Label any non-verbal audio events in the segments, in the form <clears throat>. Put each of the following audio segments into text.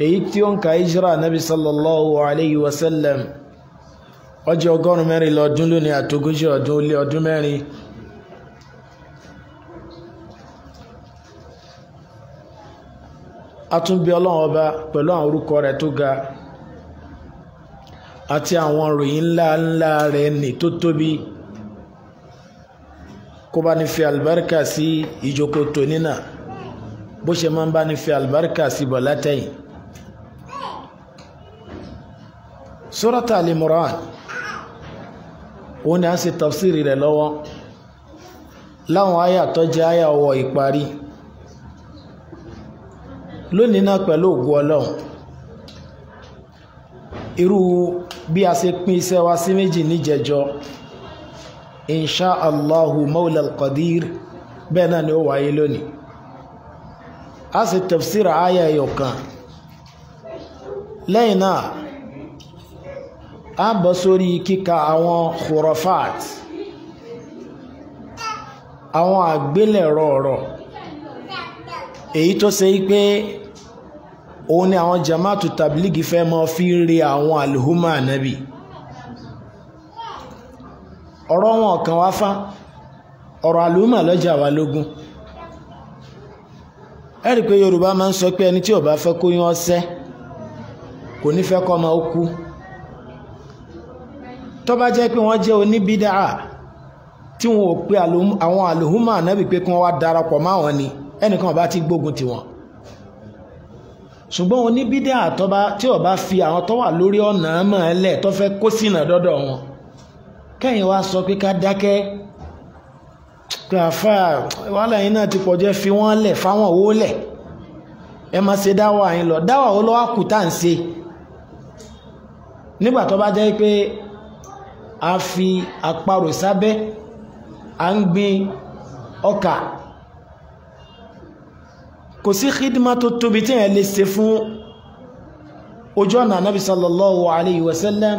èyí tí ó ń ka ìṣirà nabi sallallahu alayhi wa sallam ọjọ́ ọgọ́rùn mẹ́rin lọ́dún lónìí àtogójì ọdún ó lé ọdún mẹ́rin atúnbí ọlọ́run ọba pẹ̀lú àwọn orúkọ rẹ̀ tó ga àti àwọn ròyìn ńlá ńlá rẹ̀ ní tó tóbi kó bá ní fi àlùbáríkà sí ìjókòó tòní náà bó ṣe máa ń bá ní fi àlùbáríkà sí bọ̀ látẹ̀yìn surata alimuran òun ni a ṣe tafsiri rẹ̀ lọ́wọ́ láwọn àyà tó jẹ́ àyà ọwọ́ ìparí lónìí náà pẹ̀lú ògùn ọlọ́run irú bí a ṣe pín iṣẹ́ wa sí méjì níjẹjọ insha allahu maula alqadir bẹ́ẹ̀ náà ni ó wáyé lónìí a tafsiri àyà ẹ̀yọ̀kan lẹ́yìn náà a bọ́ sórí kíka àwọn khurafat àwọn àgbélẹ̀rọ ọ̀rọ̀ èyí tó ṣe pé òun ni àwọn jamaatu tabligi fẹ́ mọ́ fi ń re àwọn alihuma anabi ọ̀rọ̀ wọn kàn wá fá ọ̀rọ̀ alihuma lọ́jà wa lógún ẹ rí i pé yorùbá máa ń sọ pé ẹni tí ò bá fẹ́ kó yán ọsẹ́ kò ní fẹ́ kọ́ ọmọ ó kú tó bá jẹ́ pé wọ́n jẹ́ oníbídàá tí wọn ò pe àwọn àlùhùmà ànábì pé kí wọ́n wá darapọ̀ máwọn ni ẹnìkan bá ti gbógun tiwọn ṣùgbọ́n oníbídàá tí ó bá fi àwọn tó wà lórí ọ̀nà mọ̀ọ́lẹ̀ tó fẹ́ kó sínà dọ́dọ̀ wọn kẹ́yìn wá sọ pé ká dákẹ́ pé àfa wàhálà yìí náà ti pọ̀ jẹ́ fi wọ́n lẹ̀ fáwọn owó lẹ̀ ẹ má ṣe dáwà yín lọ dáwà ó kù tá à ń ṣe nígbà tó bá jẹ́ pé a fi àparò sábẹ́ à ń gbin ọkà kò sí khidma tó tóbi tí èèyàn lè ṣe fún ojú ọ̀nà anábì sallallahu alayhi wa sallam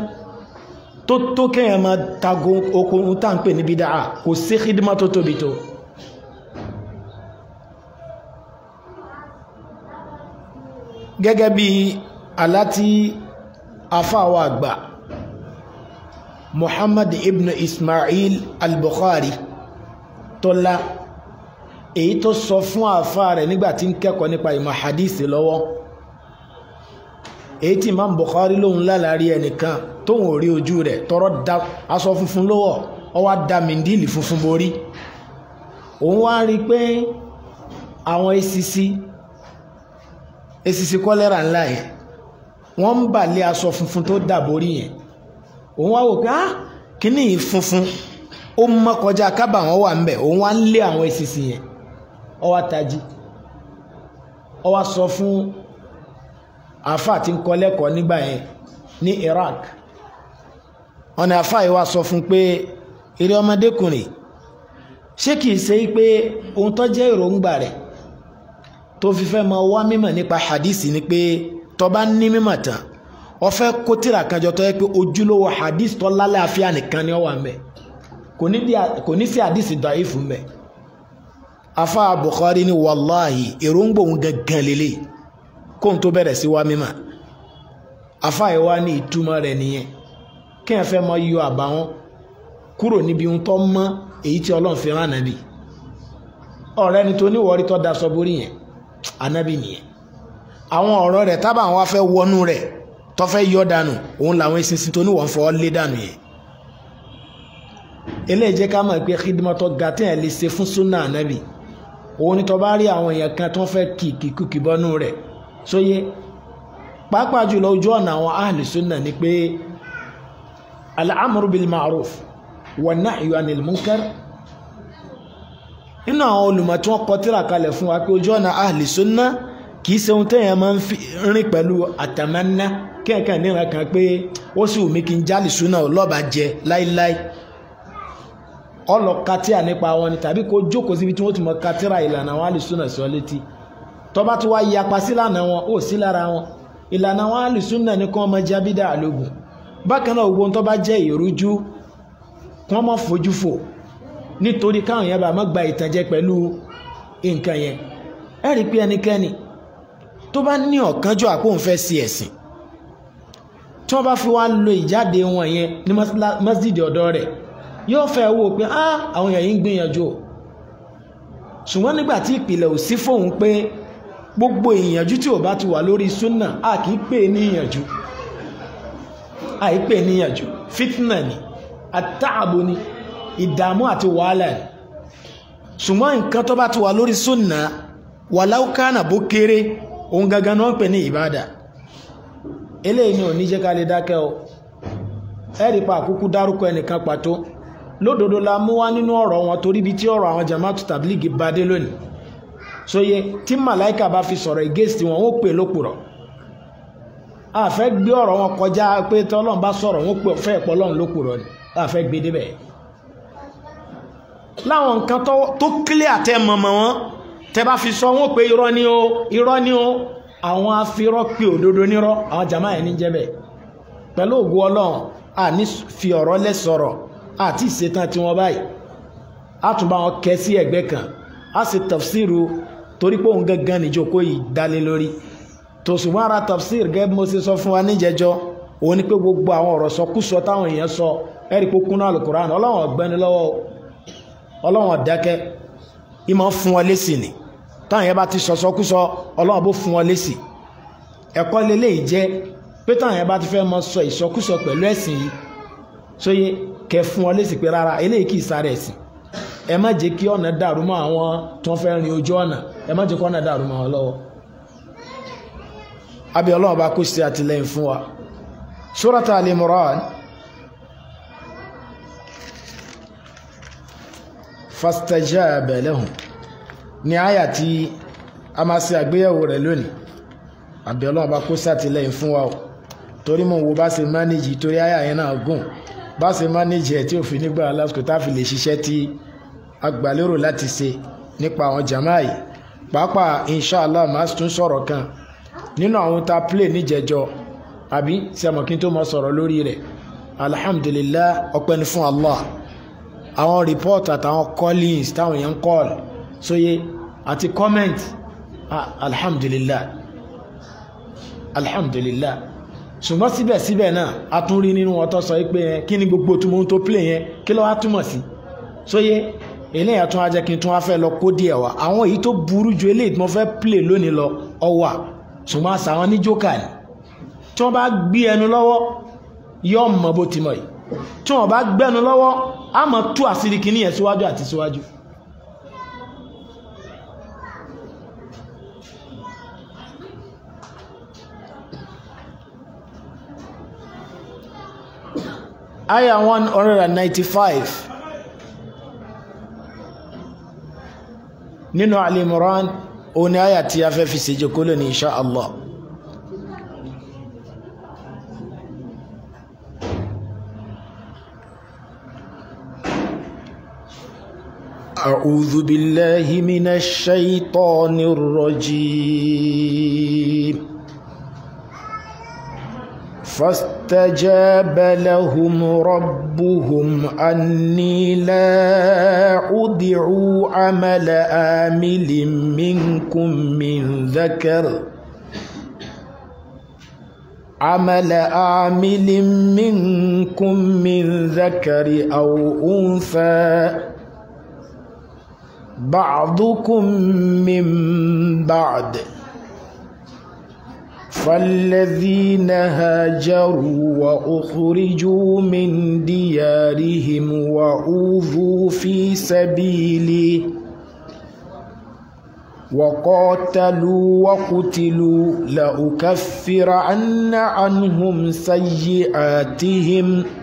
tó tó kéèyàn máa tago okun tá à ń pè ní bídáà kò sí khidma tó tóbi tó. gẹ́gẹ́ bí aláti afáwọ̀ àgbà muhammad ibn ismail al-bukhari tọ́lá èyí tó sọ fún àáfà rẹ̀ nígbà tí ń kẹ́kọ̀ọ́ nípa ìmọ̀ hadith lọ́wọ́ èyí tí imam bukhari lòun lálàrí ẹnìkan tóun ò rí ojú rẹ̀ tọrọ da aṣọ funfun lọ́wọ́ ó wá da mindili funfun borí òun wá rí pé àwọn esisi esisi kọ́lẹ́rà ńlá yẹn wọ́n ń bà aṣọ funfun tó dà borí yẹn òun wá wò pé ah, kíní funfun ó mọ́ kọjá kábà wọn wà mbe òun wá ń lé àwọn ìsinsin yẹn ọ wá tají ọ wá sọ fún àáfà tí ń kọ́ lẹ́kọ̀ọ́ nígbà yẹn ní Iraq ọ̀nà àáfà yìí wá sọ fún pé eré ọmọdékùnrin ṣé kìí ṣe pé ohun tó jẹ́ èròǹgbà rẹ̀ tó fi fẹ́ mọ wá mímọ̀ nípa hadith ni pé tó bá ní mímọ̀ tán ọfẹ́ kó tírà kan jọ tó yẹ pé ojúlówó hadith tó lálẹ́ àfíà nìkan ni ó wà mẹ́ kò ní sí hadith da'if mẹ́ afa Bukhari ni wàláhì èròǹgbò òun gangan lélẹ̀ kó n tó bẹ̀rẹ̀ sí wá mímọ́ afa yìí wá ní ìtumọ̀ rẹ̀ nìyẹn kí n fẹ́ mọ yọ àbáwọn kúrò níbi ohun tó mọ́ èyí tí Ọlọ́run fi rán nàbì ọ̀rẹ́ ni tó níwọ̀rí tó daṣọ borí yẹn ànábì nìyẹn àwọn ọ̀rọ̀ rẹ̀ tábà wọn fẹ́ wọnú rẹ̀ tó fẹ́ yọ dànù òun làwọn eṣinṣin tó níwọ̀n fọ́ lé dànù yẹn eléyìí jẹ́ ká mọ̀ pé xidimọ́tò gàtẹ́ ẹ̀ lè ṣe fún súnà ànábì òun ni tó rí àwọn èèyàn kan tó fẹ́ kì kì kù kì bọ́nú rẹ̀ sóyè pàápàá jùlọ ojú ọ̀nà àwọn ahli súnà ni pé al bil ma'ruf wa nahyu anil munkar nínú àwọn olùmọ̀ tí wọ́n kalẹ̀ fún wa pé ojú ọ̀nà ahli súnà kì í ṣe ohun téèyàn máa ń rìn pẹ̀lú àtàmánná kẹ́ẹ̀kan níran kan pé ó sì wù mí kí n jálè súná ọlọ́ba jẹ láíláí ọlọ katíà nípa wọn ni tàbí kó jókòó síbi tí wọ́n ti mọ katíra ìlànà àwọn àlùsúnà sí ọ létí tọ́ba tí wàá yapa sí lànà wọn ó sí lára wọn ìlànà àwọn àlùsúnà ní kí wọ́n mọ jábídà àlògùn bákan náà gbogbo tó jẹ́ ìrújú kí wọ́n mọ̀ fojú fò nítorí káwọn yẹn bá má gba ìtànjẹ pẹ̀lú nǹkan yẹn ẹ̀rí pé ẹnikẹ́ni tó bá ní ọ̀kánjọ́ àpò òun fẹ́ sí ẹ̀sìn tí wọ́n bá fi wá lo ìjáde wọn yẹn ní masjid ọ̀dọ́ rẹ̀ yóò fẹ́ wò pé ah àwọn èèyàn yìí ń gbìyànjú ṣùgbọ́n nígbà tí ìpìlẹ̀ ò sí fóun pé gbogbo ìyànjú tí ò bá ti wà lórí súnà a kì í pè é níyànjú a kì í pè é níyànjú fitna ni àtààbò ni ìdààmú àti wàhálà ni ṣùgbọ́n nǹkan tó bá ti wà lórí súnà wàláwùkánà bó kéré òun gangan náà pè ní ìbádà eléyìí ni ò ní jẹ́ ká lè dákẹ́ o ẹ̀rí pa àkúkú dárúkọ ẹnìkan pàtó lódodo la mú wá nínú ọ̀rọ̀ wọn torí ibi tí ọ̀rọ̀ àwọn jamaatu tablighi bá dé lónìí sóye tí màláìka bá fi sọ̀rọ̀ ìgéèsì wọn ó pè lópùrọ̀ àfẹ́ gbé ọ̀rọ̀ wọn kọjá pé tọ́lọ́n bá sọ̀rọ̀ wọn pè fẹ́ pọ̀ lọ́run ni àfẹ́ gbé débẹ̀ láwọn nǹkan tó kílẹ̀ àtẹ́ mọ̀mọ́ wọn tẹ́bá fi sọ wọ́n pé irọ́ ni o irọ́ ni o àwọn afirọ́ pé òdodo nírọ́ àwọn jàmá ẹ̀ ní jẹ́bẹ̀ pẹ̀lú ògùn ọlọ́run àní fi ọ̀rọ̀ lẹ̀ sọ̀rọ̀ àti ìṣetán tí wọ́n báyìí á wọn kẹ́ sí ẹ̀gbẹ́ kan á sì tafsiru torí pé òun gangan níjókòó yìí dálé lórí tòṣùwọ́n ara tafsir gẹ́gẹ́ mo ṣe sọ fún wa níjẹjọ́ òun ni pé gbogbo àwọn ọ̀rọ̀ sọkúsọ táwọn èèyàn sọ ẹ̀rí pé kúnná alukuran ọlọ́run ọ̀gbẹ́ni lọ́wọ́ ọlọ́run ọ̀dákẹ́ ìmọ̀ fún ọ lésì ni táwọn yẹn bá ti sọ̀sọ́kúsọ ọlọ́run bó fún wọn lésì ẹ̀kọ́ lélẹ́yìí jẹ́ pé táwọn yẹn bá ti fẹ́ mọ sọ ìsọkúsọ pẹ̀lú ẹ̀sìn yìí sóye kẹ fún wọn lésì pé rárá eléyìí kì í sáré ẹ̀sìn ẹ má jẹ́ kí ọ̀nà dàrú mọ́ àwọn tó ń fẹ́ rin ojú ọ̀nà ẹ má jẹ́ kí ọ̀nà dàrú mọ́ wọn lọ́wọ́ wa Ni aya tí a máa ṣe àgbéyẹ̀wò rẹ̀ lónìí àbí ọlọ́run bá kó sàtìlẹ́yìn fún wa o torí mò ń wo bá ṣe mánéjì torí àyà yẹn náà gùn bá se mánéjì ẹ̀ tí òfin nígbà lásìkò tá a fi lè ṣiṣẹ́ tí a gbà lérò láti ṣe nípa àwọn jàmáà inshallah máa tún sọ̀rọ̀ kan nínú àwọn tá a plé níjẹjọ àbí sẹmọ kí n tó mọ sọ̀rọ̀ lórí rẹ̀ alhamdulillah ọpẹ́ ni fún Allah àwọn rìpọ́ọ̀tì àtàwọn callings táwọn yẹn ń kọ́ọ̀lù sóyé àti comment ah, alhamdulillah alhamdulillah ṣùgbọ́n síbẹ̀síbẹ̀ náà a tún rí nínú ọtọ́ sọ pé kí ni gbogbo tó mọ́ tó play yẹn kí ló wá túmọ̀ sí sóyé eléyà tún á jẹ́ kí n tún á fẹ́ lọ kó díẹ̀ wá àwọn èyí tó burú ju eléyìí tí wọ́n fẹ́ play lónìí lọ ọwà ṣùgbọ́n àṣà wọn ní jókà ni tí wọ́n bá gbé ẹnu lọ́wọ́ yọ mọ̀ bó ti mọ̀ yìí tí wọ́n bá gbẹ́nu lọ́wọ́ á mọ̀ tú àṣírí kìíní yẹn síwájú àti síwájú. aya one hundred and ninety-five nínú Ali Moran, òun ni aya tí a fẹ́ fi ṣèjọ kó lónìí insha allah. أعوذ بالله من الشيطان الرجيم فاستجاب لهم ربهم أني لا أضيع عمل آمل منكم من ذكر عمل آمل منكم من ذكر أو أنثى بعضكم من بعد فالذين هاجروا وأخرجوا من ديارهم وأوذوا في سبيلي وقاتلوا وقتلوا لأكفر عنهم سيئاتهم ۖ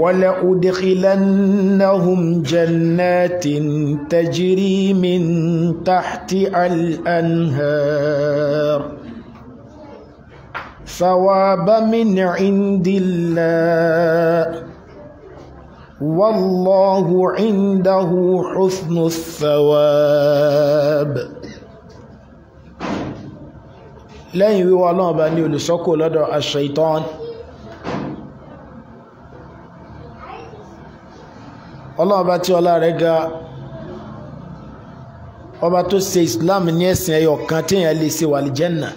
ولأدخلنهم جنات تجري من تحت الأنهار ثواب من عند الله والله عنده حسن الثواب لا يوالون بني لسكو لدى الشيطان ọlọ́run tí ọlá rẹ̀ ga ọba tó ṣe islam ní ẹ̀sìn ẹyọ kan téèyàn lè ṣe wàlìjẹ́nà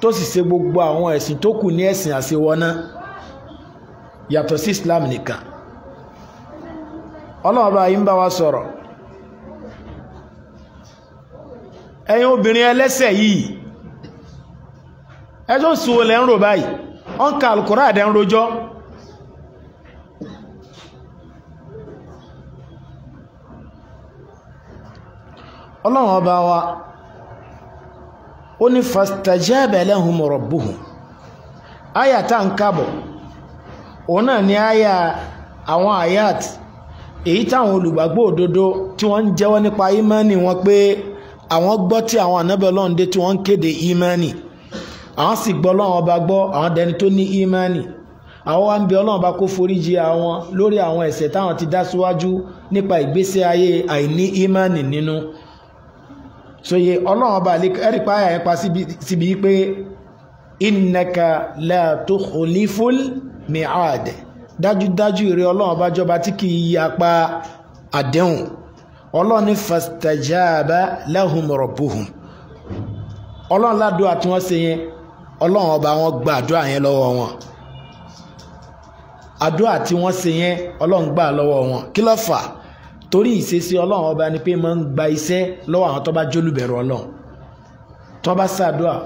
tó sì ṣe gbogbo àwọn ẹ̀sìn tó kù ní ẹ̀sìn àṣewọ́ná yàtọ̀ sí islam nìkan ọlọ́run bá yín bá wa sọ̀rọ̀ ẹ̀yin obìnrin ẹlẹ́sẹ̀ yìí ẹjọ́ sùn olè ń rò báyìí ọ̀nkà alukóra àdẹ́ ń rojọ́. ọlọ́run ọba wa ó ní fastajaba lahum rabbuhum àyà tá ń kábọ̀ òun náà ni àyà àwọn ayat, èyí táwọn olùgbàgbọ́ òdodo tí wọ́n ń jẹ́wọ́ nípa wọn pé àwọn gbọ́ tí àwọn ànábẹ́ ọlọ́run dé tí wọ́n ń kéde àwọn sì gbọ́ ọlọ́run ọba gbọ́ àwọn dẹni tó ní ímánì àwọn wa ń bi ọlọ́run bá kó àwọn lórí àwọn soye ọlọ́run ọba ẹ̀rí páyà ẹ̀pa síbi pé innaka la tukhliful mi'ad dájúdájú rẹ ọlọ́run ọba jọba tí kì í yapa àdéhùn ọlọ́run ní fastajaba lahum rabbuhum ọlọ́run ládùúgbà tí wọ́n ṣe yẹn ọlọ́run ọba wọn gba àdúrà yẹn lọ́wọ́ wọn àdúrà tí wọ́n ṣe yẹn ọlọ́run gbà lọ́wọ́ wọn kí ló fà á torí ìṣesí ọlọ́run ọba ni pé máa ń gba iṣẹ́ lọ́wọ́ àwọn tó bá ọlọ́run tó bá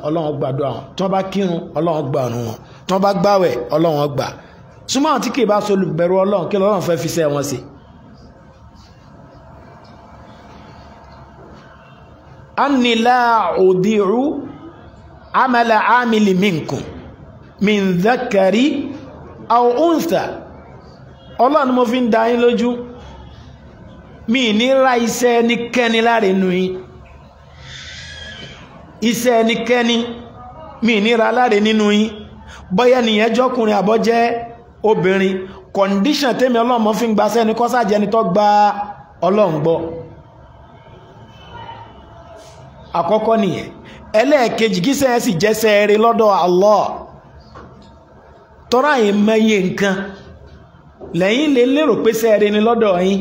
ọlọ́run gbàdúà wọn tó kírun ọlọ́run gbà wọn tó gbàwẹ̀ ọlọ́run gbà súnmọ́ àwọn tí kì í bá solùbẹ̀rù ọlọ́run kí lọ́run fẹ́ fi iṣẹ́ wọn sí. anilá òdìrú amala amili minkum min àwọn ounsa ọlọ́run mo fi ń da yín lójú mi ní ra iṣẹ́ ẹnikẹ́ni láre nu yín iṣẹ́ ẹnikẹ́ni mi ní ra láre nínú yín bọ́yá nìyẹn jọkùnrin àbọ́ jẹ́ obìnrin kọ̀ǹdíṣàn tèmi ọlọ́mọ fi ń gbaṣẹ́ ni kọ́sàjẹni tó gba ọlọ́run gbọ́ àkọ́kọ́ nìyẹn ẹlẹ́ẹ̀kejì kí sẹ́yìn sì jẹ́ sẹ́ẹ̀rì lọ́dọ̀ Allah tọ́ra yìí mẹ́yẹ nǹkan lẹ́yìn lè lérò pé sẹ́ẹ̀rì ni lọ́dọ̀ yín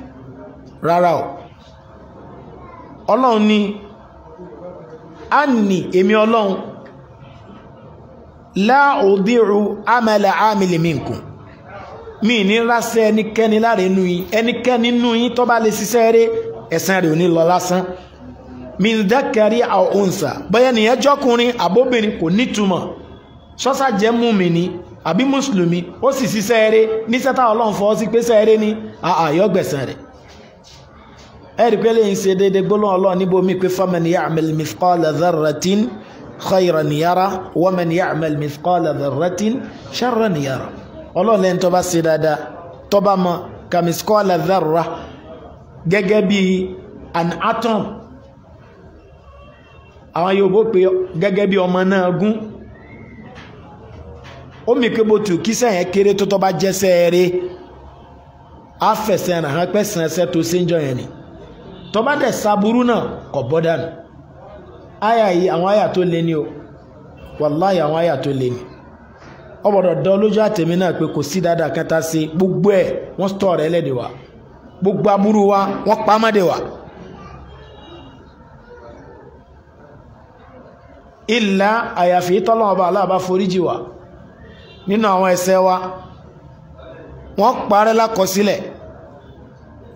rárá o ọlọ́run ni a ní èmi ọlọ́run láòdìrú amẹ́lẹ̀ àmìlẹ̀ mi ní rásẹ̀ ẹnikẹ́ni láre nú yín ẹnikẹ́ni nú yín tó bá lè ṣiṣẹ́ rẹ̀ ẹ̀san rẹ̀ ò ní lọ lásán min bẹ́ẹ̀ àbóbìnrin kò nítumọ̀ sọ́sà jẹ́ mú mi ẹ̀rí pé lè ń ṣe déédéé gbólóhùn ọlọ́run níbo mi pé faman ya'mal mithqala dharratin khayran yara wa man ya'mal mithqala dharratin sharran yara ọlọ́run lẹ́yìn tó bá ṣe dáadáa tó bá mọ ka mithqala dharra gẹ́gẹ́ bí an atom àwọn Yorùbá pé gẹ́gẹ́ bí ọmọ náà gún ó mi pé mo kéré tó tó bá jẹ́ sẹ́ẹ̀rẹ́ afẹsẹ̀ràn hàn pẹ́sàn ẹsẹ̀ yẹn ni tó bá dẹ̀ saburú náà kọ̀ bọ́ dànù àyà yìí àwọn àyà tó lé ní o wàláhì àwọn àyà tó lé ní ọ̀bọ̀dọ̀ dán lójú àtẹ̀mí náà pé kò sí dáadáa kẹta sí gbogbo ẹ̀ wọ́n sọ rẹ̀ lẹ́dẹ̀ wa gbogbo aburú wa wọ́n pa mọ́dẹ̀ wa. ìlà àyàfi tọ́lọ́wọ́n aláàbá foríjì wa nínú àwọn ẹ̀ṣẹ̀ wa wọ́n parẹ́ lákọsílẹ̀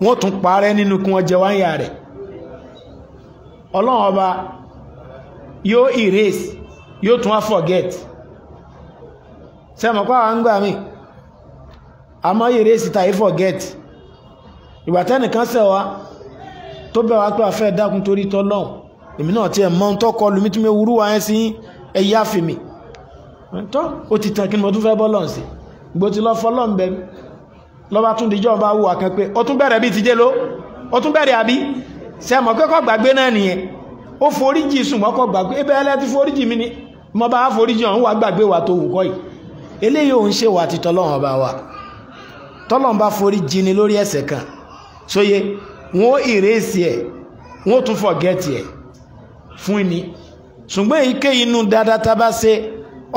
wọ́n tún parẹ́ nínú kí wọ́n jẹ wáyà rẹ̀ ọlọ́run ọba yóò erase yóò tún wá forget sẹ́mọ̀ pàwọn ń gbà mí àmọ́ erase tàí forget ìgbà tẹ́nìkan sẹ̀ wá tó bẹ̀ wá pé àfẹ́ dákun torí tọ́lọ́hùn èmi náà tiẹ̀ mọ́ ń tọ́kọ lùmí tí mo wúrú wa ẹ́ sí ẹ̀yà fèmí tọ́ ó ti tàn kí ni mo tún fẹ́ bọ́ lọ́n sí gbòtí lọ́ fọ́ lọ́n bẹ́ẹ̀ lọ́ba tún díjọ́ bá wùwà kan pé ó tún bẹ̀rẹ̀ bí ti jẹ́ ló ó tún bẹ̀rẹ̀ àbí sẹ́mọ̀ kẹ́kọ̀ọ́ gbàgbé náà nìyẹn ó foríjì sùnmọ́kọ̀ gbàgbé ebe ẹlẹ́ ti foríjì mi ni mo bá foríjì ọ̀hún wà gbàgbé wà tó wù kọ́ yìí eléyìí òun ṣe wà ti tọ́lọ́hàn bá wà tọ́lọ́hàn bá foríjì ni lórí ẹ̀ṣẹ̀ kan sóye wọn ó ìrèsì ẹ̀ wọn ó tún fọ̀gẹ́tì ẹ̀ fún ni ṣùgbọ́n èyíké inú dáadáa tá a bá ṣe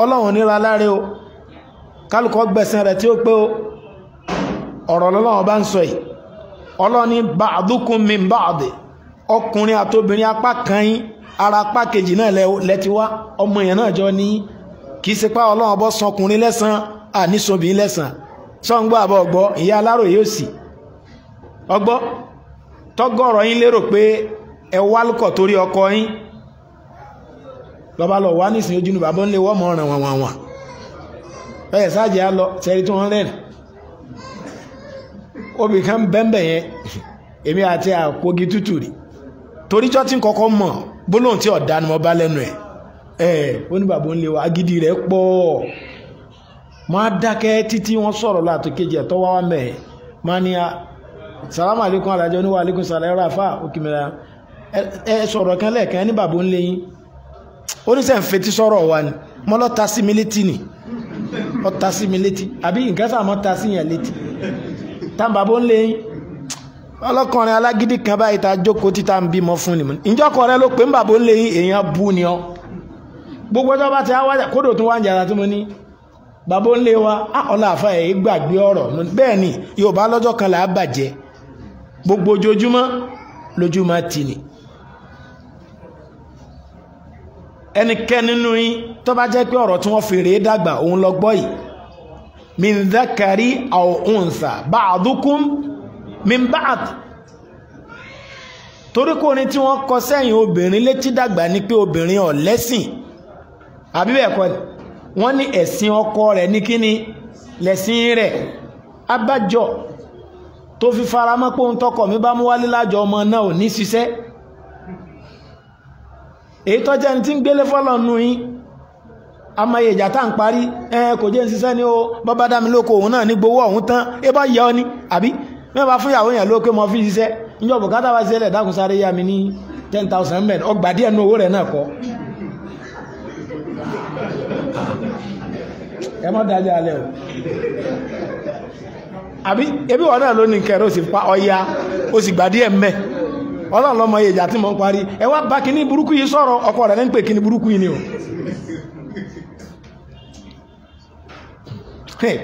ọlọ́run níra láre o kálukọ́ gbẹ̀sán rẹ̀ tí ó pé o ọ̀rọ̀ lọ́lọ́wọ́ ọba ń sọ yìí ọlọ́ni ba'dukum min ba'd ọkùnrin àtobìnrin apá kan yín ara apá kejì náà ti wá ọmọ èèyàn náà jọ ní kì í ṣe pá ọlọ́wọ́ bọ́ sọkùnrin lẹ́sàn àníṣobìnrin lẹ́sàn sọ́ngbọ́ àbọ̀ ọgbọ́ ìyá aláròye ó sì ọgbọ́ tọ́gọ́rọ̀ yín pé ẹ torí ọkọ yín lọ́ba lọ wá nísìnyí ojú ni bàbá ń lé bẹ́ẹ̀ sáàjì á lọ sẹ́rí tí wọ́n obì kan bẹ́ńbẹ̀ yẹn èmi àti àpògi tútù rí toríjọ́ tí n kọ́kọ́ mọ̀ gbólóhùn tí ọ̀dà ni mo bá lẹ́nu ẹ̀ ẹ̀ ó ní bàbá ń lé wa agídí rẹ̀ pọ̀ máa dákẹ́ títí wọ́n sọ̀rọ̀ láti kejì ẹ̀ tó wá wá mẹ́ẹ̀ máa ní a sàlámù àlékún alájọ oníwà àlékún sàlẹ̀ ẹ̀rọ àfà òkèmẹ́ra ẹ sọ̀rọ̀ kan lẹ́ẹ̀kan ní bàbá ń lé yín oníṣẹ́ fetí sọ̀rọ̀ wa ni mo lọ́ọ́ ta sí mi létí ni ọ́ ta sí mi létí àbí nǹkan sàmọ́ ta sí yẹn létí táwọn bàbá ń lé yín ọlọ́kùnrin alágídí kan báyìí ta jókòó títa ń bímọ fún ni ìjọkọ̀ rẹ ló pé ń bàbá ń lé yín èèyàn bú ni ọ gbogbo ọjọ́ bá ti wá wájà kódò tún wá tí mo ní bàbá ń lé wa ah, ọlá àfa ẹ̀ gbàgbé ọ̀rọ̀ bẹ́ẹ̀ ni Yorùbá lọ́jọ́ kan là á bàjẹ́ gbogbo ojoojúmọ́ lójú máa tì ní ẹnikẹ́ni nínú yín tó bá jẹ́ pé ọ̀rọ̀ tí wọ́n fi rèé dàgbà òun lọ gbọ́ yìí min dhakari aw unsa ba'dukum min ba'd torí kò ní tí wọ́n kọ sẹ́yìn obìnrin létí dàgbà ni pé obìnrin ọ̀lẹ́sìn àbí bẹ́ẹ̀ kọ́ wọ́n ní ẹ̀sìn ọkọ rẹ̀ ní kíni lẹ̀sìn rẹ̀ abájọ tó fi faramọ́ pé òun tọkọ mi bá mú wálé lájọ ọmọ náà ò ní ṣiṣẹ́ èyí tọ́jà ní tí ń gbélé fọ́lọ́ nù yín amáyé ìjà tá ń parí ẹn kò jẹ́ ìṣiṣẹ́ ní o bọ́bá dámi lóko òun náà ní gbowó ọ̀hún tán ẹ bá yẹ ọ ní àbí mẹ́wàá fún ìyàwó yẹn lókè mọ́ fi ṣiṣẹ́ níjọ́ bùkátà bá ṣẹlẹ̀ dákun sáré yá mi ní ten thousand men ọgbà díẹ̀ nú owó rẹ̀ náà kọ́ ẹ mọ́ alẹ́ o àbí ebi wọn náà kẹrẹ sì pa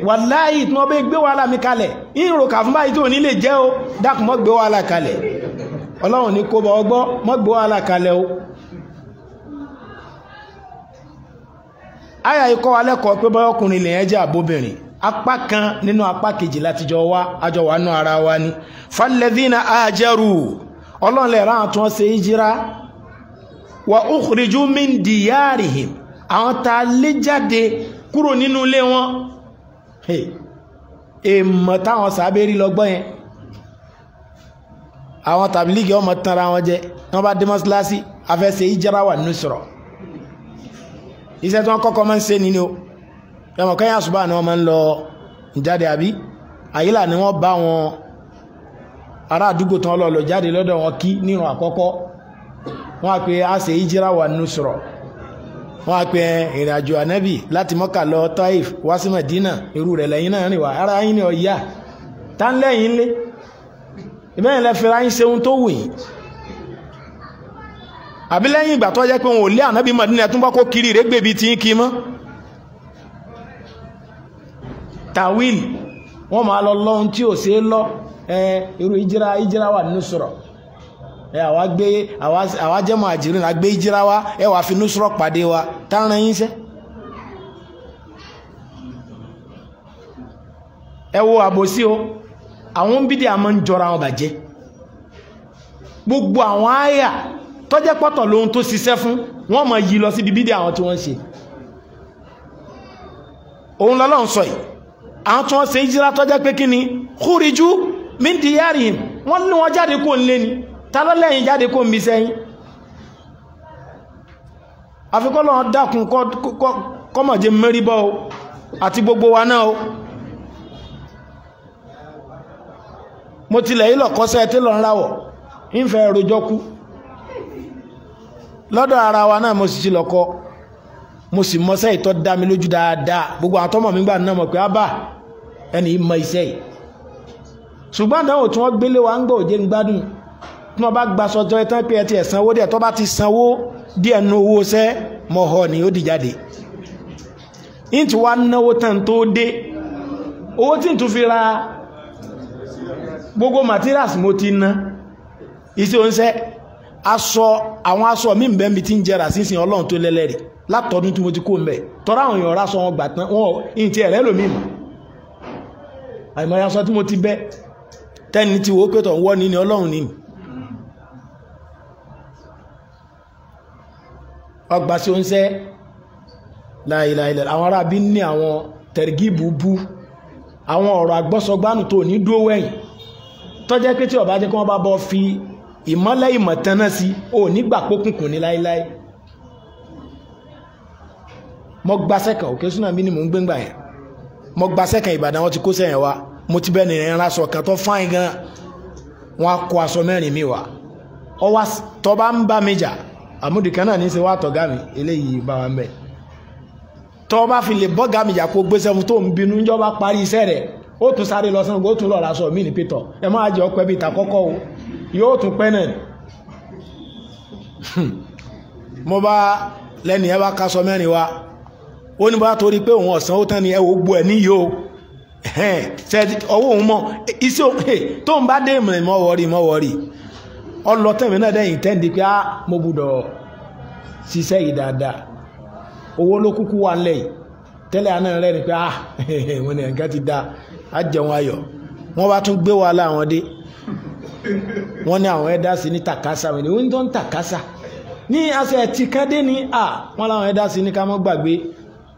wàláyì tí wọ́n bẹ́ gbé wàhálà mi kalẹ̀ ìròkà fún báyìí tí ò ní lè jẹ́ o dákun mọ́ gbé wàhálà kalẹ̀ ọlọ́run ní kó bá ọgbọ́ mọ́ gbé wàhálà kalẹ̀ o àyà ikọ́ wa lẹ́kọ̀ọ́ pé bọ́yọ́ ọkùnrin lèyẹn jẹ́ àbóbìnrin apá kan nínú apá kejì látijọ́ wa àjọ wà nú ara wa ni falẹ́dínà àjẹrù ọlọ́run lè kúrò nínú ilé wọn èèmọ̀ táwọn sàbẹ̀rí lọ́gbọ́n yẹn àwọn tàbílígì ọmọ tanra wọn jẹ wọn bá dé mọ́síláṣí afẹ́sẹ̀ ìjára wà nínú sọ̀rọ̀ iṣẹ́ tí wọ́n kọ́kọ́ máa ń ṣe nínú o ẹmọ kẹ́yà ṣùgbọ́n àná wọn máa ń lọ ìjáde àbí àyílà ni wọ́n bá wọn ará àdúgbò tán lọ lọ jáde lọ́dọ̀ wọn kí nírun àkọ́kọ́ wọ́n á àṣẹ ìjíra wà nínú sọ̀rọ̀ wọ́n á pe ìrìn àjò ànábì láti mọ́kà lọ taif wá sí madina irú rẹ̀ lẹ́yìn náà rìn wá ara yín ni ọ̀yà tá ń lẹ́yìn lé ìbẹ́yìn lẹ́ fi ráyìn ṣeun tó wù yín àbí lẹ́yìn ìgbà tó jẹ́ pé wọn ò lé ànábì madina tún bá kó kiri ìrégbè bíi ti ń kí mọ́ tawil wọ́n máa lọ lọ́hun tí ò ṣeé lọ irú ìjìra ìjìra wà nínú sọ̀rọ̀ ẹ àwa gbé àwa jẹ́ mùhàjírìn la gbé ìjírá wa ẹ wàá fi nusrọ̀ pàdé wa tá ń ran yín sẹ́. ẹ wo àbòsí o àwọn bídìí àmọ́ ń jọra wọn bàjẹ́ gbogbo àwọn àyà tọ́jẹ́ pọ́tọ̀ lóhun tó ṣiṣẹ́ fún wọ́n mọ̀ yí lọ síbi bídìí àwọn tí wọ́n ń ṣe òun lọ́lọ́run sọ yìí àwọn tí wọ́n ṣe ìjírá tọ́jẹ́ pé kí ni kúrìjú mídìí yárìhìn ní wọ́n jáde kó ń lé ni ta ló lẹ́yìn jáde kó ń bí sẹ́yìn àfikọ́lọ́ dákun kọ́mọ̀jẹ mẹ́ríbọ́ o àti gbogbo wa náà o mo tilẹ̀ yìí lọ́kọ́sẹ́ tí lọ ń ráwọ̀ ìfẹ́ rojọ́ kú lọ́dọ̀ ara wa náà mo sì ti lọ́kọ́ mo sì mọ́sẹ́ ìtọ́ dá mi lójú dáadáa gbogbo àtọ́mọ̀ mi náà mọ̀ pé ábà ẹni mọ iṣẹ́ yìí ṣùgbọ́n àdáwò tí wọ́n gbélé wa ń gbọ́ òjé ń gbádùn tí wọ́n bá gbaṣọ jọ ẹtàn pé ẹ ti ẹ̀sanwó díẹ̀ tó bá ti sanwó díẹ̀ nu owó sẹ́ mọ̀họ́ ni ó di jáde ní ti wá náwó tán tó dé owó tí n tún fi ra gbogbo materials mo ti ná iṣẹ́ oúnjẹ aṣọ àwọn aṣọ mi bẹ́ẹ̀ mi ti ń jẹrà sínsìn ọlọ́run tó lẹ́lẹ́rìí látọdún tí mo ti kó ń bẹ̀ tọ́ra àwọn èèyàn ráṣọ wọn gbà tán wọn ìyìn ti ẹ̀rẹ́ lòmíì mọ̀ àìmọye aṣọ tí mo ti bẹ́ tẹ́ni ti wò ó pé tọ̀ ń wọ́ ni ni ọlọ́run ni ọgbà sí oúnjẹ láìláìlẹ̀ àwọn arábí ní àwọn tẹ̀rìgìbù bú àwọn ọ̀rọ̀ àgbọ́sọgbánù tó ní dúró wẹ̀yìn tọ́jẹ́ pé tí ọba jẹ́ kí wọ́n bá bọ́ fi ìmọ́lẹ̀ ìmọ̀tán náà sí ò nígbà pókùnkùn ní láíláí mo gba sẹ́kàn òkè súnà mí ni mò ń gbé ngbà yẹn mo gba sẹ́kàn Ìbàdàn wọn ti kó sẹ́yìn wa mo ti bẹ́ẹ̀ nìyẹn aṣọ kan tó fáìn gan wọn kó aṣọ mẹ́rin mi wá ọwọ́ tọ́ bá ń bá mi jà àmúdìkan náà ní í ṣe wá tọ̀gá mi eléyìí bá wa ń bẹ̀ tọ́ bá fi lè bọ́gà mi yàkó gbéṣẹ́ fún tó ń bínú níjọ́ bá parí iṣẹ́ rẹ̀ ó tún sáré lọ sínú ó tún lọ́ọ́ lásọ mí ní pétọ̀ ẹ máa jẹ́ ọpẹ́ bíi tàkọ́kọ́ o yóò tún pẹ́ náà hmm. mo bá lẹ́nu ẹ bá kaṣọ mẹ́rin wa ó ní bá torí pé òun ọ̀sán ó tán ni ẹ ò gbọ́ ẹ níyì o ṣe ọwọ́ òun mọ̀ iṣẹ́ <laughs> tóun bá dé ìmọ̀ ìmọ̀ wọ̀rí ìmọ̀ wọ̀rí ọlọ tẹ̀mí náà dẹ́yìn tẹ́ǹdì pé á ah, mo gbúdọ̀ ṣiṣẹ́ yìí dáadáa owó ló kúkú wà ńlẹ̀ yìí tẹ́lẹ̀ àná rẹ̀ ni pé á wọn ni nǹkan ti da á jẹun ayọ̀ wọ́n bá tún gbé wàhálà àwọn dé wọ́n ní àwọn ẹ̀dá sí ní tàkásà wọ́n ní wọ́n tó ń tàkásà ní àṣẹ ẹ̀tì kan dé ní à wọ́n láwọn sí ní ká mọ́ gbàgbé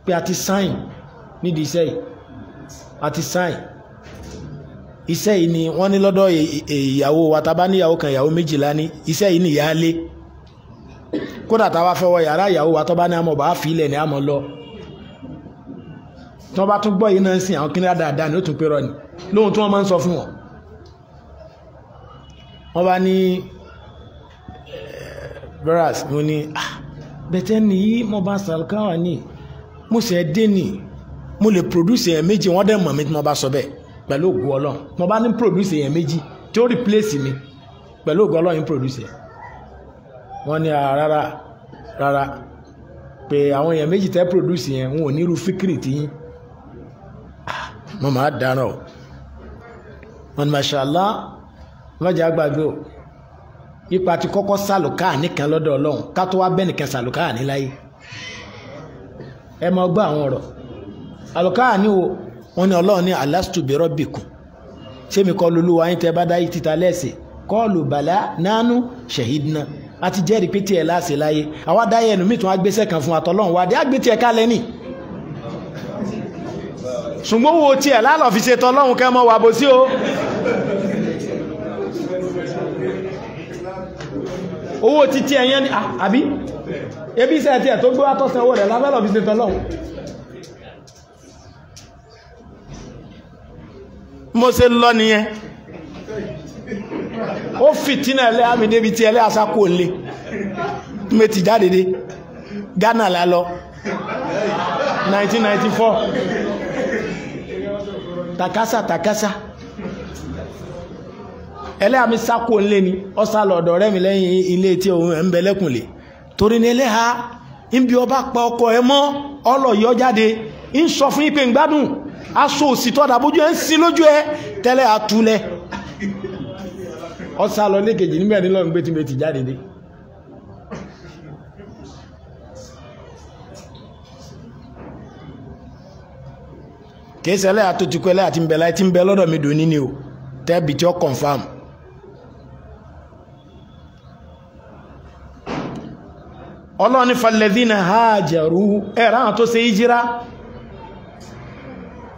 pé a ti sáìn nídìí iṣẹ́ yìí a ti sáìn iṣẹ́ yìí ni wọ́n ní lọ́dọ̀ ìyàwó wa tá a bá níyàwó kan ìyàwó méjìlá ní iṣẹ́ yìí ni ìyá lé kódà tá a bá fẹ́ wọ yàrá ìyàwó wa tó bá ní àmọ́ bá fi ilẹ̀ ní àmọ́ lọ tí wọ́n bá tún gbọ́ yìí náà ń sìn àwọn kíníyà dáadáa ni ó tún pé rọ ni lóhun tí wọ́n máa ń sọ fún wọn. wọ́n bá ní eh, brass mo ní ah, bẹ̀tẹ̀ nìyí mo bá sàlùkáwà ní mo sì ẹ́ dé nì mo lè produce ẹ̀ méjì wọ́n dẹ̀ mọ̀ mi tí mo bá sọ bẹ́ẹ̀ pẹ̀lú ògùn ọlọ́run mo bá ní produce èèyàn méjì tí ó replace mi pẹ̀lú ògùn ọlọ́run produce ẹ̀ wọ́n ní rárá rárá pé àwọn èèyàn méjì tẹ́ produce yẹn wọn ò ní irú fíkìrì tiyín mo máa dáná o wọn ni mashala lọ́jà gbàgbé o ipa ti kọ́kọ́ sàlùkà nìkan lọ́dọ̀ ọlọ́run ká tó wá bẹ́ẹ̀ nìkan sàlùkà níláyé ẹ mọ gbọ́ àwọn ọ̀rọ̀ àlùkà ni o wọ́n ní ọlọ́run ní alastu bi rabbikum sẹ́mi kọ́ wa yín tẹ́ bá dá yìí títa lẹ́sìn kọ́ọ̀lù bàlá nánú ṣèhídínà a ti jẹ́rìí pé tiẹ̀ láàṣẹ láyé àwa dáyẹ̀ ẹnu mìtún agbésẹ̀ kan fún àtọ́lọ́run wa dé àgbé tiẹ̀ kálẹ̀ nì ṣùgbọ́n wo tiẹ̀ lálọ́ fi ṣe tọ́lọ́run kẹ́ mọ́ wà bó sí o owó ti tiẹ̀ ni àbí ebi iṣẹ́ tiẹ̀ tó gbé wá tọ́sán owó rẹ̀ lábẹ́ lọ́ fi ṣe tọ́lọ́run mose lọ nìyẹn ó fìtínà ẹlẹ́yà mi débi tí ẹlẹ́yà sá kò lè jáde dé Ghana la lọ 1994 takasa takasa ẹlẹ́yà àmì sá kò ni ọ sá lọ ọ̀dọ̀ ọ̀rẹ́ mi lẹ́yìn ilé tí òun ẹ̀ aṣọ òsìtọ́ àdàbójú ẹ̀ ń sin lójú ẹ tẹ́lẹ̀ àtúlẹ̀ ọ̀sà lọ ní kejì níbẹ̀ ní lọ́nà gbẹ́tìmẹ̀ ti jáde dé kìí ṣẹlẹ̀ àtòtìkú ẹlẹ́yà tí ń bẹ láì tí ń bẹ lọ́dọ̀ mi dùn ní ni o tẹ́bi tí ó confam. ọlọ́ọ̀ni falẹ́dínà hajaru ẹ̀rọ àwọn tó ṣe hijira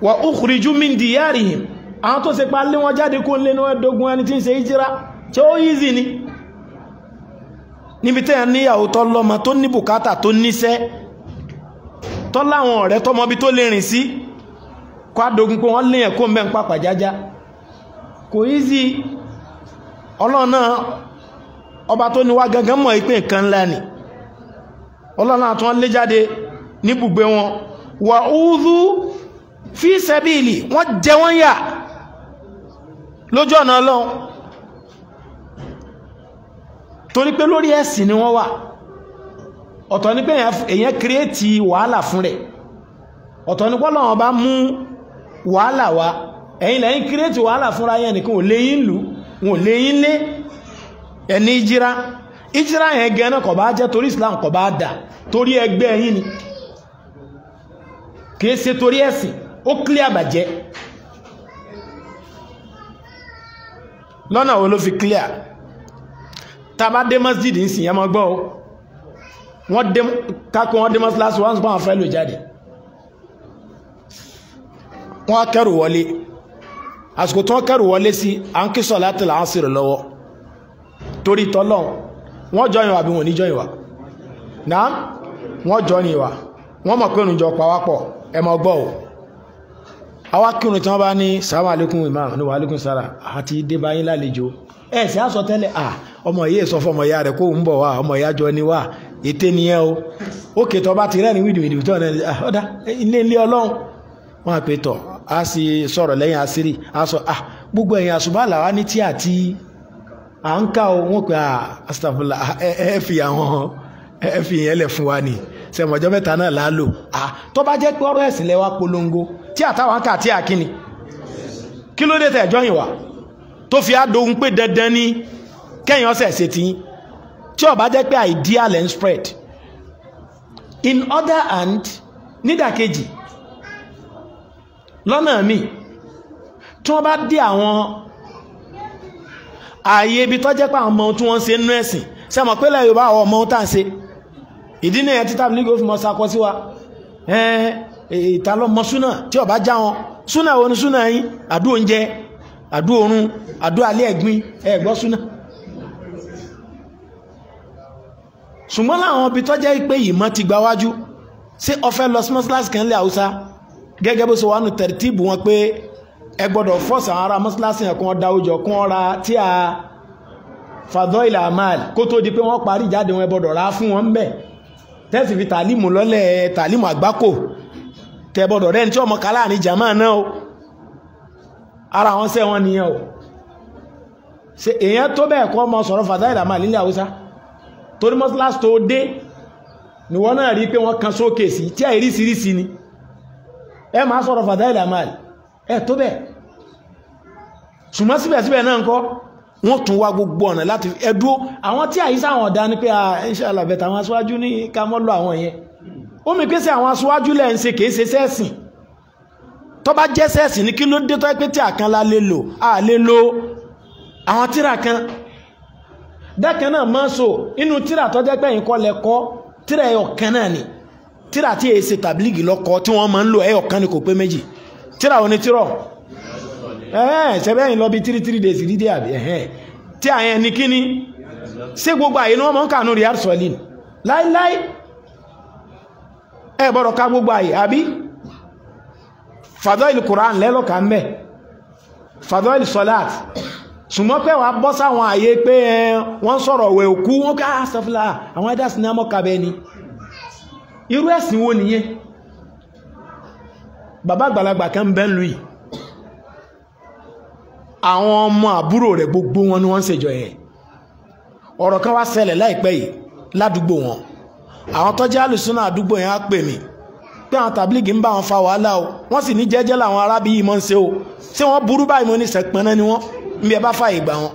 wà ukhriju min diyarihim àwọn tó ṣe lé wọn jáde kó lé níwọ̀n ẹni tí ń ṣe ìjírá tí ó yízi ni níbi tẹ́yà níyàwó tó tó ní bùkátà tó níṣẹ́ tó láwọn ọ̀rẹ́ tọmọ bí tó lè rìn sí kó wọ́n léyàn kó mẹ́ pàpà jájá kò ọlọ́nà ọba tó ní wá gangan mọ̀ ìpín nǹkan ńlá ni ọlọ́nà lé jáde wọn wà fi sẹ́bìlì wọ́n jẹ wọ́n yà lójú ọ̀nà ọlọ́run torí pé lórí ẹ̀sìn ni wọ́n wà ọ̀tọ̀ ní pé èyàn kírètì wàhálà fún rẹ̀ ọ̀tọ̀ ní pọ́lọ̀wọ́n bá mú wàhálà wá ẹ̀yin lẹ́yìn kírètì wàhálà fúnra yẹn nìkan ò léyìn lù wọn ò léyìn lé ẹni ìjírá ìjírá yẹn gẹ́nà kọ̀ bá jẹ́ torí Islam kọ̀ bá dà torí ẹgbẹ́ yín ni kìí ṣe torí ẹ̀sìn ó clear àbàjẹ́ lọ́nà wo ló fi clear taa dé masjid ń yẹn mọ́ gbọ́ wọ́n dé kákó wọ́n dé mọ́síláṣí wọ́n sùpọ̀ fẹ́ lò jáde wọ́n kẹ́rù wọlé àsìkò tí wọ́n kẹ́rù wọlé sí à ń kí sọ̀ láti là ń lọ́wọ́ torí wọ́n o. àwa kírun tí wọ́n bá ní sàmà alékún imam ní wà alékún sára àti débáyín lálejò ẹ̀ sì á sọ tẹ́lẹ̀ à ọmọ yìí sọ fún ọmọ ìyá rẹ̀ kó ń bọ̀ wá ọmọ ìyá jọ ni wá ète nìyẹn o ó kè tọ́ bá ti rẹ́ni wídìwìdì tó rẹ̀ ọ̀dà ilé ilé ọlọ́run wọn àpè tọ̀ á sì sọ̀rọ̀ lẹ́yìn àṣírí á sọ à gbogbo ẹ̀yìn àṣùbá làwa ní tí àti à ń ká o wọn pè ẹ fi ìyẹn lẹ̀ fún wa ni sẹ̀mọ̀jọ́ mẹ́ta náà lálò à bá jẹ́ pé ọ̀rọ̀ ẹ̀sìn lẹ́wà polongo tí àtàwọn kà tí àkíní kí ló dé tẹ̀jọ́ yìí wá tó fi àdóhun pé dandan ni kẹ́yìn ọ̀sẹ̀ ṣe ti yín tí ó bá jẹ́ pé ideal and spread in other hand nídàkejì lọ́nà mi tí wọ́n bá dé àwọn ààyè ibi tó jẹ́ pé àwọn ọmọ tí wọ́n ṣe nú ẹ̀sìn ṣe mọ̀ pé lẹ́yìn Yorùbá àwọn ọmọ tá ṣe ìdí nìyẹn títà nígbà ó fi mọ sakọ sí wa ìta lọ mọ súnà tí ọba já wọn súnà òun súnà yín àdó oúnjẹ àdó oorun àdó alẹ́ ẹ̀gbin ẹ gbọ́ súnà. ṣùgbọ́n láwọn ibi tó jẹ́ pé ìmọ̀ ti gba wájú ṣé ọfẹ́ lọ sí mọ́ṣáláṣí kan lé haúsá gẹ́gẹ́ bó ṣe wà nù tẹ̀rẹ̀tìbù wọn pé ẹ gbọ́dọ̀ fọ́ọ̀sì àwọn ará mọ́ṣáláṣí yẹn kí wọ́n dáwọ́jọ kí wọ́n ra tí a fàdọ́ ilà àmàlì kó tó di pé wọ́n parí ìjáde wọn ẹ gbọ́dọ̀ ra fún wọn bẹ́ẹ̀ tẹ́sí fi tàlímù lọ́lẹ̀ tàlímù àgbákò tẹ̀bọ̀dọ̀ rẹ̀ ní tí ọmọ kálá ní jàmá náà o ara wọn sẹ́ wọn nìyẹn o ṣe èèyàn tó bẹ́ẹ̀ kọ́ ọmọ sọ̀rọ̀ fàtáìlà máa nílẹ̀ haúsá torí mọ́sílásì tó dé ni wọ́n náà rí pé wọ́n kan sókè sí tí àìrí sírísí ni ẹ máa sọ̀rọ̀ fàtáìlà máa ẹ tó bẹ́ẹ̀ ṣùgbọ́n síbẹ̀síbẹ̀ náà ń kọ́ wọ́n tún wá gbogbo ọ̀nà láti ẹdúó àwọn tí àyíṣà ah, àwọn ọ̀dá ní pé à ń ṣàlàbẹ̀tà àwọn aṣáájú ní ká lọ àwọn yẹn ó mi pèsè àwọn aṣáájú lẹ́ ń ṣe kìí ṣe sẹ́ẹ̀sìn tó bá jẹ́ sẹ́ẹ̀sìn ní kí ló dé tó ẹ pé tí àkan la lè lò a lè lo àwọn tíra kan dákan náà máa ń so inú tíra tó jẹ́ pé yín kọ́ lẹ́kọ́ tíra ẹyọ kan náà ni tíra tí èsè tàbílìgì lọ́kọ́ tí wọ́n máa ń lò ẹyọ kan ni kò pé méjì tíra òní tírọ̀ ẹ̀hẹ́n ṣẹ́bẹ́yìn lọ bí tírí tírí days dídé àbí ẹ̀hẹ́n tí àyẹn ní kíní ṣé gbogbo àyè ni wọ́n máa ń kà ní Riyadh láíláí ẹ gbọ́dọ̀ ká gbogbo àyè àbí fàdọ́ìlì Quran lẹ́lọ́ka ń bẹ̀ fàdọ́ìlì sọláàt ṣùgbọ́n pé wàá bọ́ sáwọn àyè pé wọ́n sọ̀rọ̀ wẹ̀ òkú wọ́n ká ah, sọ́fúnlá àwọn ẹ̀dá sinamọ́ kabẹ́ ni irú ẹ̀sìn wo nìyẹn bàbá àgbàlagbà kan bẹ́ ń lu yìí àwọn ọmọ àbúrò rẹ̀ gbogbo wọn ni wọ́n ń ṣèjọ yẹn ọ̀rọ̀ kan wá ṣẹlẹ̀ láìpẹ́ yìí ládùúgbò wọn àwọn tọ́jú àlùsùnà àdúgbò yẹn á pè mí pé àwọn tàbílìgì ń bá wọn fa wàhálà o wọ́n sì ní jẹ́jẹ́ làwọn arábí yìí mọ́ ń ṣe o ṣé wọ́n burú báyìí mo ní sẹ̀pẹ́ná ni wọ́n ń bí ẹ bá fààyè gbà wọn.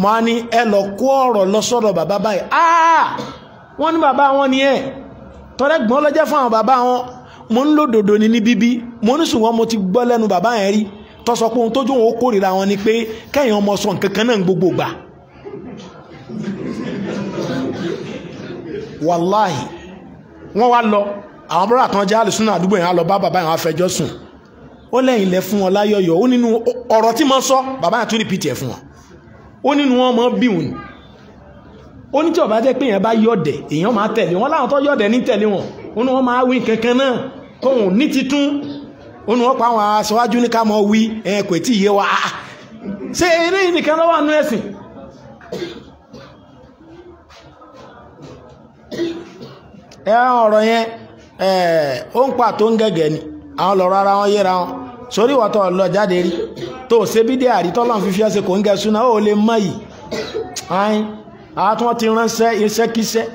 mo á ní ẹ lọ kó ọ̀rọ̀ lọ sọ́dọ̀ bàbá báyìí áá wọ́n ní bàbá wọn ni ẹ̀ tọ́lẹ́ gbọ́n lọ́jẹ́ fún àwọn bàbá wọn mo ń lòdòdò ní ní bíbí mo ní sùn wọn mo ti gbọ́ lẹ́nu bàbá yẹn rí tọ́sọ pé ohun tójú wọn ó kórìíra wọn ni pé kẹ́yìn ọmọ sọ nǹkan kan náà gbogbo gbà wàláhì wọ́n wá lọ àwọn bọ́lá kan jẹ́ àlùsùn àdúgbò yẹn á lọ bá bàbá yẹn á fẹjọ́ sùn ó lẹ́yìn lẹ fún wọn láyọ̀yọ̀ ó nínú ọ̀rọ̀ tí mo sọ bàbá yẹn tún repeat ẹ̀ fún wọn ó nínú wọn mọ bí wọn ó ní tí ọba jẹ́ pé yẹn bá yọ̀dẹ̀ èèyàn máa tẹ̀lé wọn láwọn tó yọ̀dẹ̀ ní tẹ̀lé wọn ó ní wọn máa wí kankan náà kóhùn ní titun ó ní wọn pa àwọn aṣáájú ní ká mọ wí ẹ kò tí ì yé wa ah, ah. ṣé eré nìkan lọ́wọ́ àánú ẹ̀sìn ọrọ yẹn ó ń pàtó ń gẹgẹ ni àwọn lọ́rọ̀ ara wọn yéra wọn sórí ìwọ̀tọ̀ lọ jáde rí tó o ṣe bídé àrítọ́ lọ́n fífi ẹsẹ̀ kò ń gẹ súná ó lè mọ yìí ayin àtúntò ti iṣẹ iṣẹ́kíṣẹ́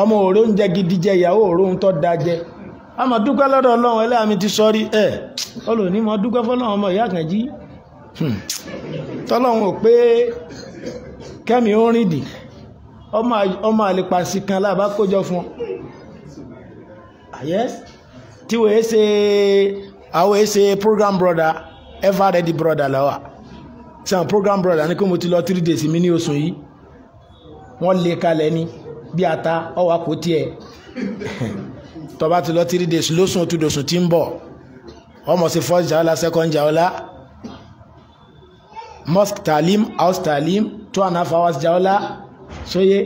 ọmọ òró ń jẹ gidi jẹ ìyàwó òró ń tọ́ da jẹ ọmọ dúpẹ́ lọ́dọ̀ ọlọ́run ẹlẹ́yàmí ti sọrí ẹ̀ olùní mọ dúpẹ́ fọlọ́run ọmọ ìyá kan jí hmm. tọ́lọ́run ò pé kẹ́mi ó rìn dì ọmọ àlepàṣì kan láàbá kójọ fún ah, yes tí wọ́n yé ṣe àwọn yé ṣe program brother ever ready brother làwà sàn program brother ní kí mo ti lọ three days mi ní oṣù yìí wọ́n lè kalẹ̀ ni bí ata ọwọ́ kò tiẹ̀ <laughs> tó bá ti lọ three days lóṣù tó dòṣù tí ń bọ̀ ọmọ sí first jaola second jaola mosque talim house talim two and a half hours jaola sóyé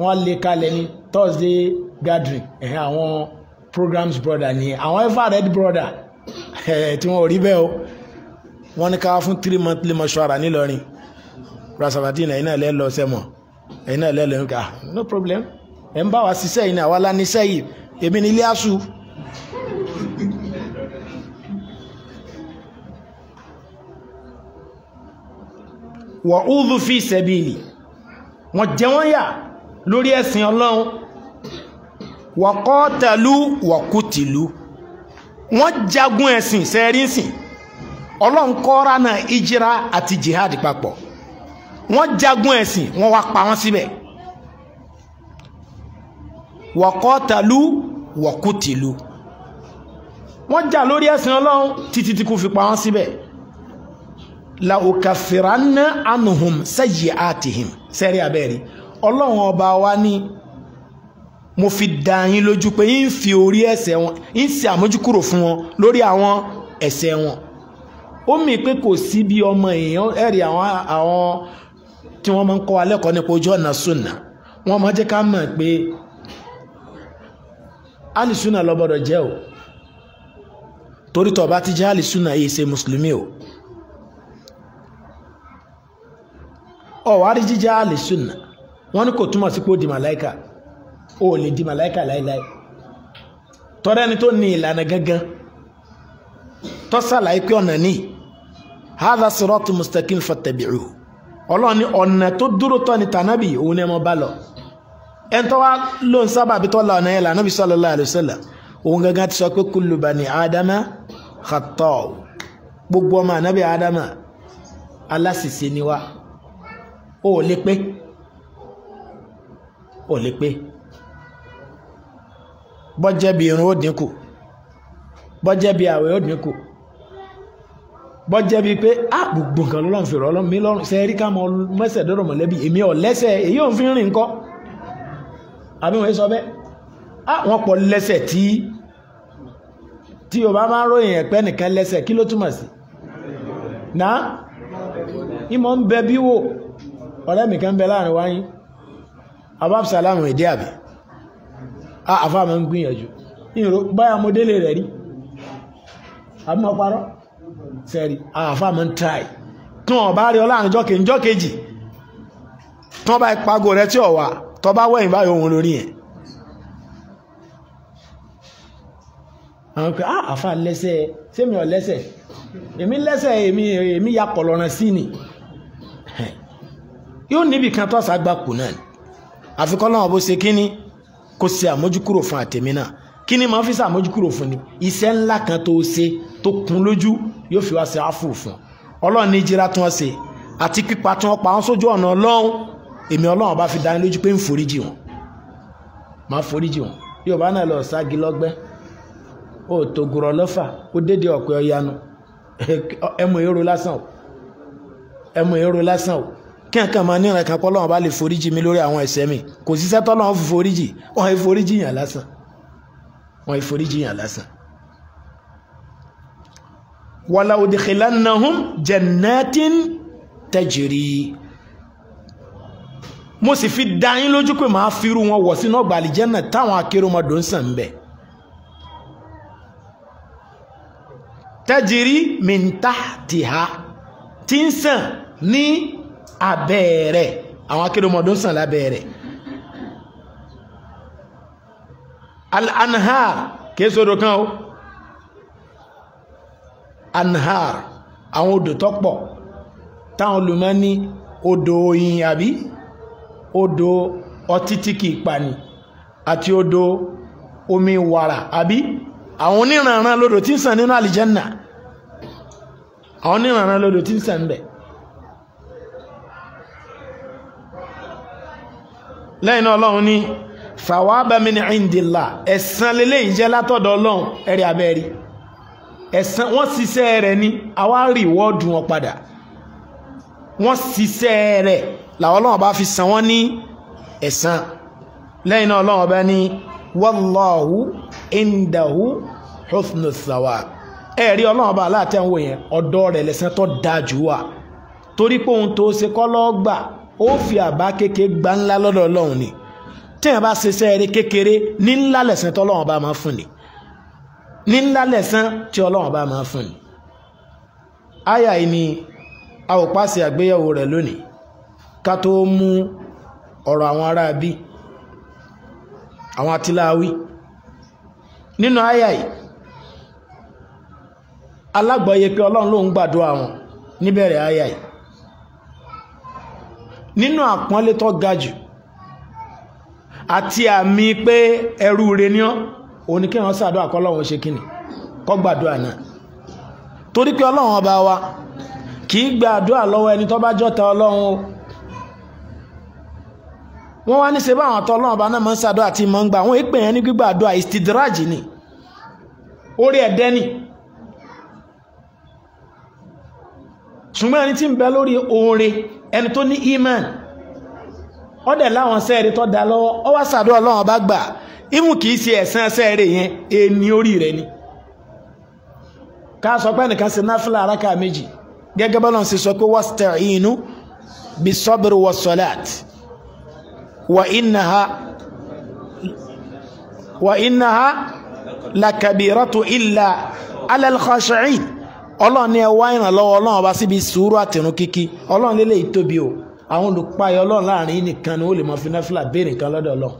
wọ́n lè kalẹ̀ ní Thursday gathering ẹ̀hìn àwọn programs brother ni àwọn everett brother tí wọn ò rí bẹ́ẹ̀ o wọ́n ní ká fún three monthly mọ́ṣúárà nílọrin rasabadin ẹ̀yin náà lẹ́ lọ sẹ́mọ̀ ẹ̀yin náà lẹ́ lọ níka no problem ẹ̀ ń bá wa ṣiṣẹ́ yìí ni àwa la níṣẹ́ yìí èmi ní ilé àṣù wọ́n ó dùn fi ṣẹ́bìlì wọ́n jẹ wọ́n yà lórí ẹ̀sìn ọlọ́run wọ̀kọ́tẹ̀lú wọ̀kútìlú wọ́n jagun ẹ̀sìn sẹ́rínsìn ọlọ́run kọ́ra náà ìjìra àti jihad papọ̀ wọ́n jagun ẹ̀sìn wọ́n wá pa wọ́n síbẹ̀ wọ̀kọ́tẹ̀lú wọ̀kútìlú wọ́n jà lórí ẹ̀sìn ọlọ́run títí tí kò fi pa wọ́n síbẹ̀ la ukafiranna anhum sayyi'atihim sẹ́rí abẹ́rí ọlọ́run ọba wa ní mo fi dá yín lójú pé yín fi orí ẹ̀ṣẹ̀ wọn yín ṣe àmójúkúrò fún wọn lórí àwọn ẹ̀ṣẹ̀ wọn ó mì pé kò sí bí ọmọ èèyàn ẹ̀rí àwọn àwọn tí wọ́n máa ń kọ́ alẹ́kọ̀ọ́ nípa ojú ọ̀nà sunna wọ́n máa jẹ́ ká mọ̀ pé alìsúnà lọ́gbọ́dọ̀ jẹ́ o torí tó ti jẹ́ alìsúnà yìí ṣe mùsùlùmí o. ọ̀wárí jíjá àlè sunna wọ́n ní kò túmọ̀ sí pé ó di màláìkà ó lè di màláìkà láíláí tọ́rẹ́ ẹni tó ní ìlànà gangan tó ṣàlàyé pé ọ̀nà ní hadha sirat mustaqim fattabi'u ọlọ́run ní ọ̀nà tó dúró tọ́ ni tànábì òun ni ẹ mọ́ bá lọ ẹni tó wá ló ń sábà bí tó la ọ̀nà yẹn lànàbì sallallahu alaihi òun gangan ti sọ pé kullu bani adama khatta'u gbogbo ọmọ ànábì adama aláṣìṣe ni wá ó lè pé ó lè pé bọ́jẹ́ bí irun ó dínkù bọ́jẹ́ bí àwẹ̀ ó dínkù bọ́jẹ́ bí pé á gbogbo nǹkan ló fi rọ́ mi lọ́rùn ṣe rí ká mọ mẹ́sẹ̀ dọ́rọ̀ mọ̀lẹ́bí èmi ò lẹ́sẹ̀ èyí ò ń fi rìn kọ́ àbí wọ́n sọ bẹ́ẹ̀ á wọ́n pọ̀ lẹ́sẹ̀ tí tí o bá máa ròyìn ẹ̀pẹ́ nìkan lẹ́sẹ̀ kí ló túmọ̀ sí náà ìmọ̀ ń bẹ bí wò ọ̀rẹ́ mi kan bẹ láàrin wáyín abábsálàmù ìdí àbí àfà máa ń gbìyànjú ìrò báyà mo délé rẹ̀ rí àbí mo parọ́ sẹ́rí àfà máa ń try tán ọ̀bá rí ọ láàrin jọ́kejì jọ́kejì tán bá ipago rẹ tí ọ̀wà tọ́ bá wẹ̀yìn báyìí ohun lórí yẹn àwọn pé àfà ah, lẹ́sẹ̀ sẹ́mi ọ̀ lẹ́sẹ̀ èmi lẹ́sẹ̀ èmi yakọ̀ lọ́rọ̀ sí ni yóò níbi kan tó àṣà gbapò náà ni àfikọ́ lọ́wọ́ bó ṣe kíní kò ṣe àmójúkúrò fún àtẹ̀mí náà kíní máa fi ṣe àmójúkúrò fún ni iṣẹ́ ńlá kan tó ṣe tó kún lójú yóò fi wá ṣe áfù fún ọlọ́run ní jíra tí wọ́n ṣe àti pípa tí wọ́n pa wọ́n sójú ọ̀nà ọlọ́run èmi ọlọ́run bá fi dání lójú pé ń foríjì wọn máa foríjì wọn yorùbá náà lọ sági lọ́gbẹ́ ó tògùrọ̀ lọ́fà ó dédé ọ̀pẹ ọ̀yanu ẹmu èrò lásán ẹmu èrò lásán o kí n kàn máa ní ìrànkàn pọ́ lọ́wọ́n bá lè foríjì mi lórí àwọn ẹ̀ṣẹ̀ mi kò sí sẹ́tọ́ lọ́wọ́n fi foríjì wọ́n fi foríjì yàn lásán wọ́n fi foríjì yàn lásán. wàlá udkhilannahum jannatin tajri mo sì fi dá yín lójú pé màá firú wọn wọ̀ sínú ọgbà àlìjẹ́nà táwọn akérèmọdò ń sàn bẹ́ẹ̀. tajri min tahtiha tí ń sàn ní abẹ́ rẹ̀ àwọn akérèmọdò ń sàn lábẹ́ rẹ̀ al-anhar kìí sódò kan o anhar àwọn odò tó pọ̀ táwọn olùmọ̀ ní odò oyin àbí odò ọtí tí kìí pani àti odò omi wàrà àbí àwọn oníranran lodò tí ń sàn nínú àlìjẹ́nà àwọn oníranran lodò tí ń sàn bẹ́ẹ̀. lẹ́yìn náà ọlọ́run ní fàwábà min indillah ẹ̀san lélẹ̀ ìjẹ́ látọ̀dọ̀ ọlọ́run ẹ̀rí abẹ́rí ẹ̀san wọ́n ṣiṣẹ́ rẹ̀ ní àwa rìwọ́ọ̀dù wọn padà wọ́n ṣiṣẹ́ rẹ̀ làwọn ọlọ́run bá fi san wọ́n ní ẹ̀san lẹ́yìn náà ọlọ́run ọba ní wallahu indahu husnu ẹ̀rí ọlọ́run ọba aláàtẹ̀wò yẹn ọ̀dọ́ rẹ̀ lẹ́san tó dáa jù wà torí pé òun tó ṣe kọ́ gbà ó fi àbá kékeré gba ńlá lọ́dọ̀ ọlọ́run ni téèyàn bá ṣiṣẹ́ eré kékeré ní ńlá lẹ̀san tí ọlọ́run bá máa fún ni ní ńlá lẹ̀san tí ọlọ́run bá máa fún ni. àyà yìí ni a ò pàṣẹ àgbéyẹ̀wò rẹ̀ lónìí ká tó mú ọ̀rọ̀ àwọn ará bí àwọn atiláwí nínú àyà yìí alágbọ̀ọ́yẹ pé ọlọ́run ló ń gbàdúrà wọn níbẹ̀rẹ̀ àyà yìí nínú àpọ́nlé tó ga jù àti àmì pé ẹrú rẹ ni ọ́ òun ni kí wọ́n ṣàdúrà kọ́ lọ́wọ́ ṣe kíni kọ́ gbàdúrà náà torí pé ọlọ́run ọba wa kì í gba àdúrà lọ́wọ́ ẹni tó bá jọ́ta ọlọ́run o wọ́n wá ní ṣe báwọn àtọ́ ọlọ́run ọba náà máa ń ṣàdúrà tí máa ń gbà wọ́n èpè yẹn ní gbígbà ni orí ẹ̀dẹ́ ni ṣùgbọ́n ẹni tí ń bẹ lórí oore ẹni tó ní iman ọdẹ láwọn sẹ́ẹ̀rì tó dá lọ́wọ́ ó wá sàdúrà Ọlọ́run ọba gbà ìmú kì í ṣe ẹ̀san sẹ́ẹ̀rì yẹn ẹni orí rẹ̀ ni ká sọ pé ẹnìkan ṣe náfìlà àràkà méjì gẹ́gẹ́ bọ́lá ń ṣe sọ pé wasta'inu bisabri wassalat ọlọ́run ní ẹ wá ìrànlọ́wọ́ ọlọ́run ọba síbi sùúrù àtẹ̀rún kíkí ọlọ́run lélẹ̀ ìtóbi o àwọn olùpayọ ọlọ́run láàrin nìkan ni ó lè mọ fi náfìlà béèrè nǹkan lọ́dọ̀ ọlọ́run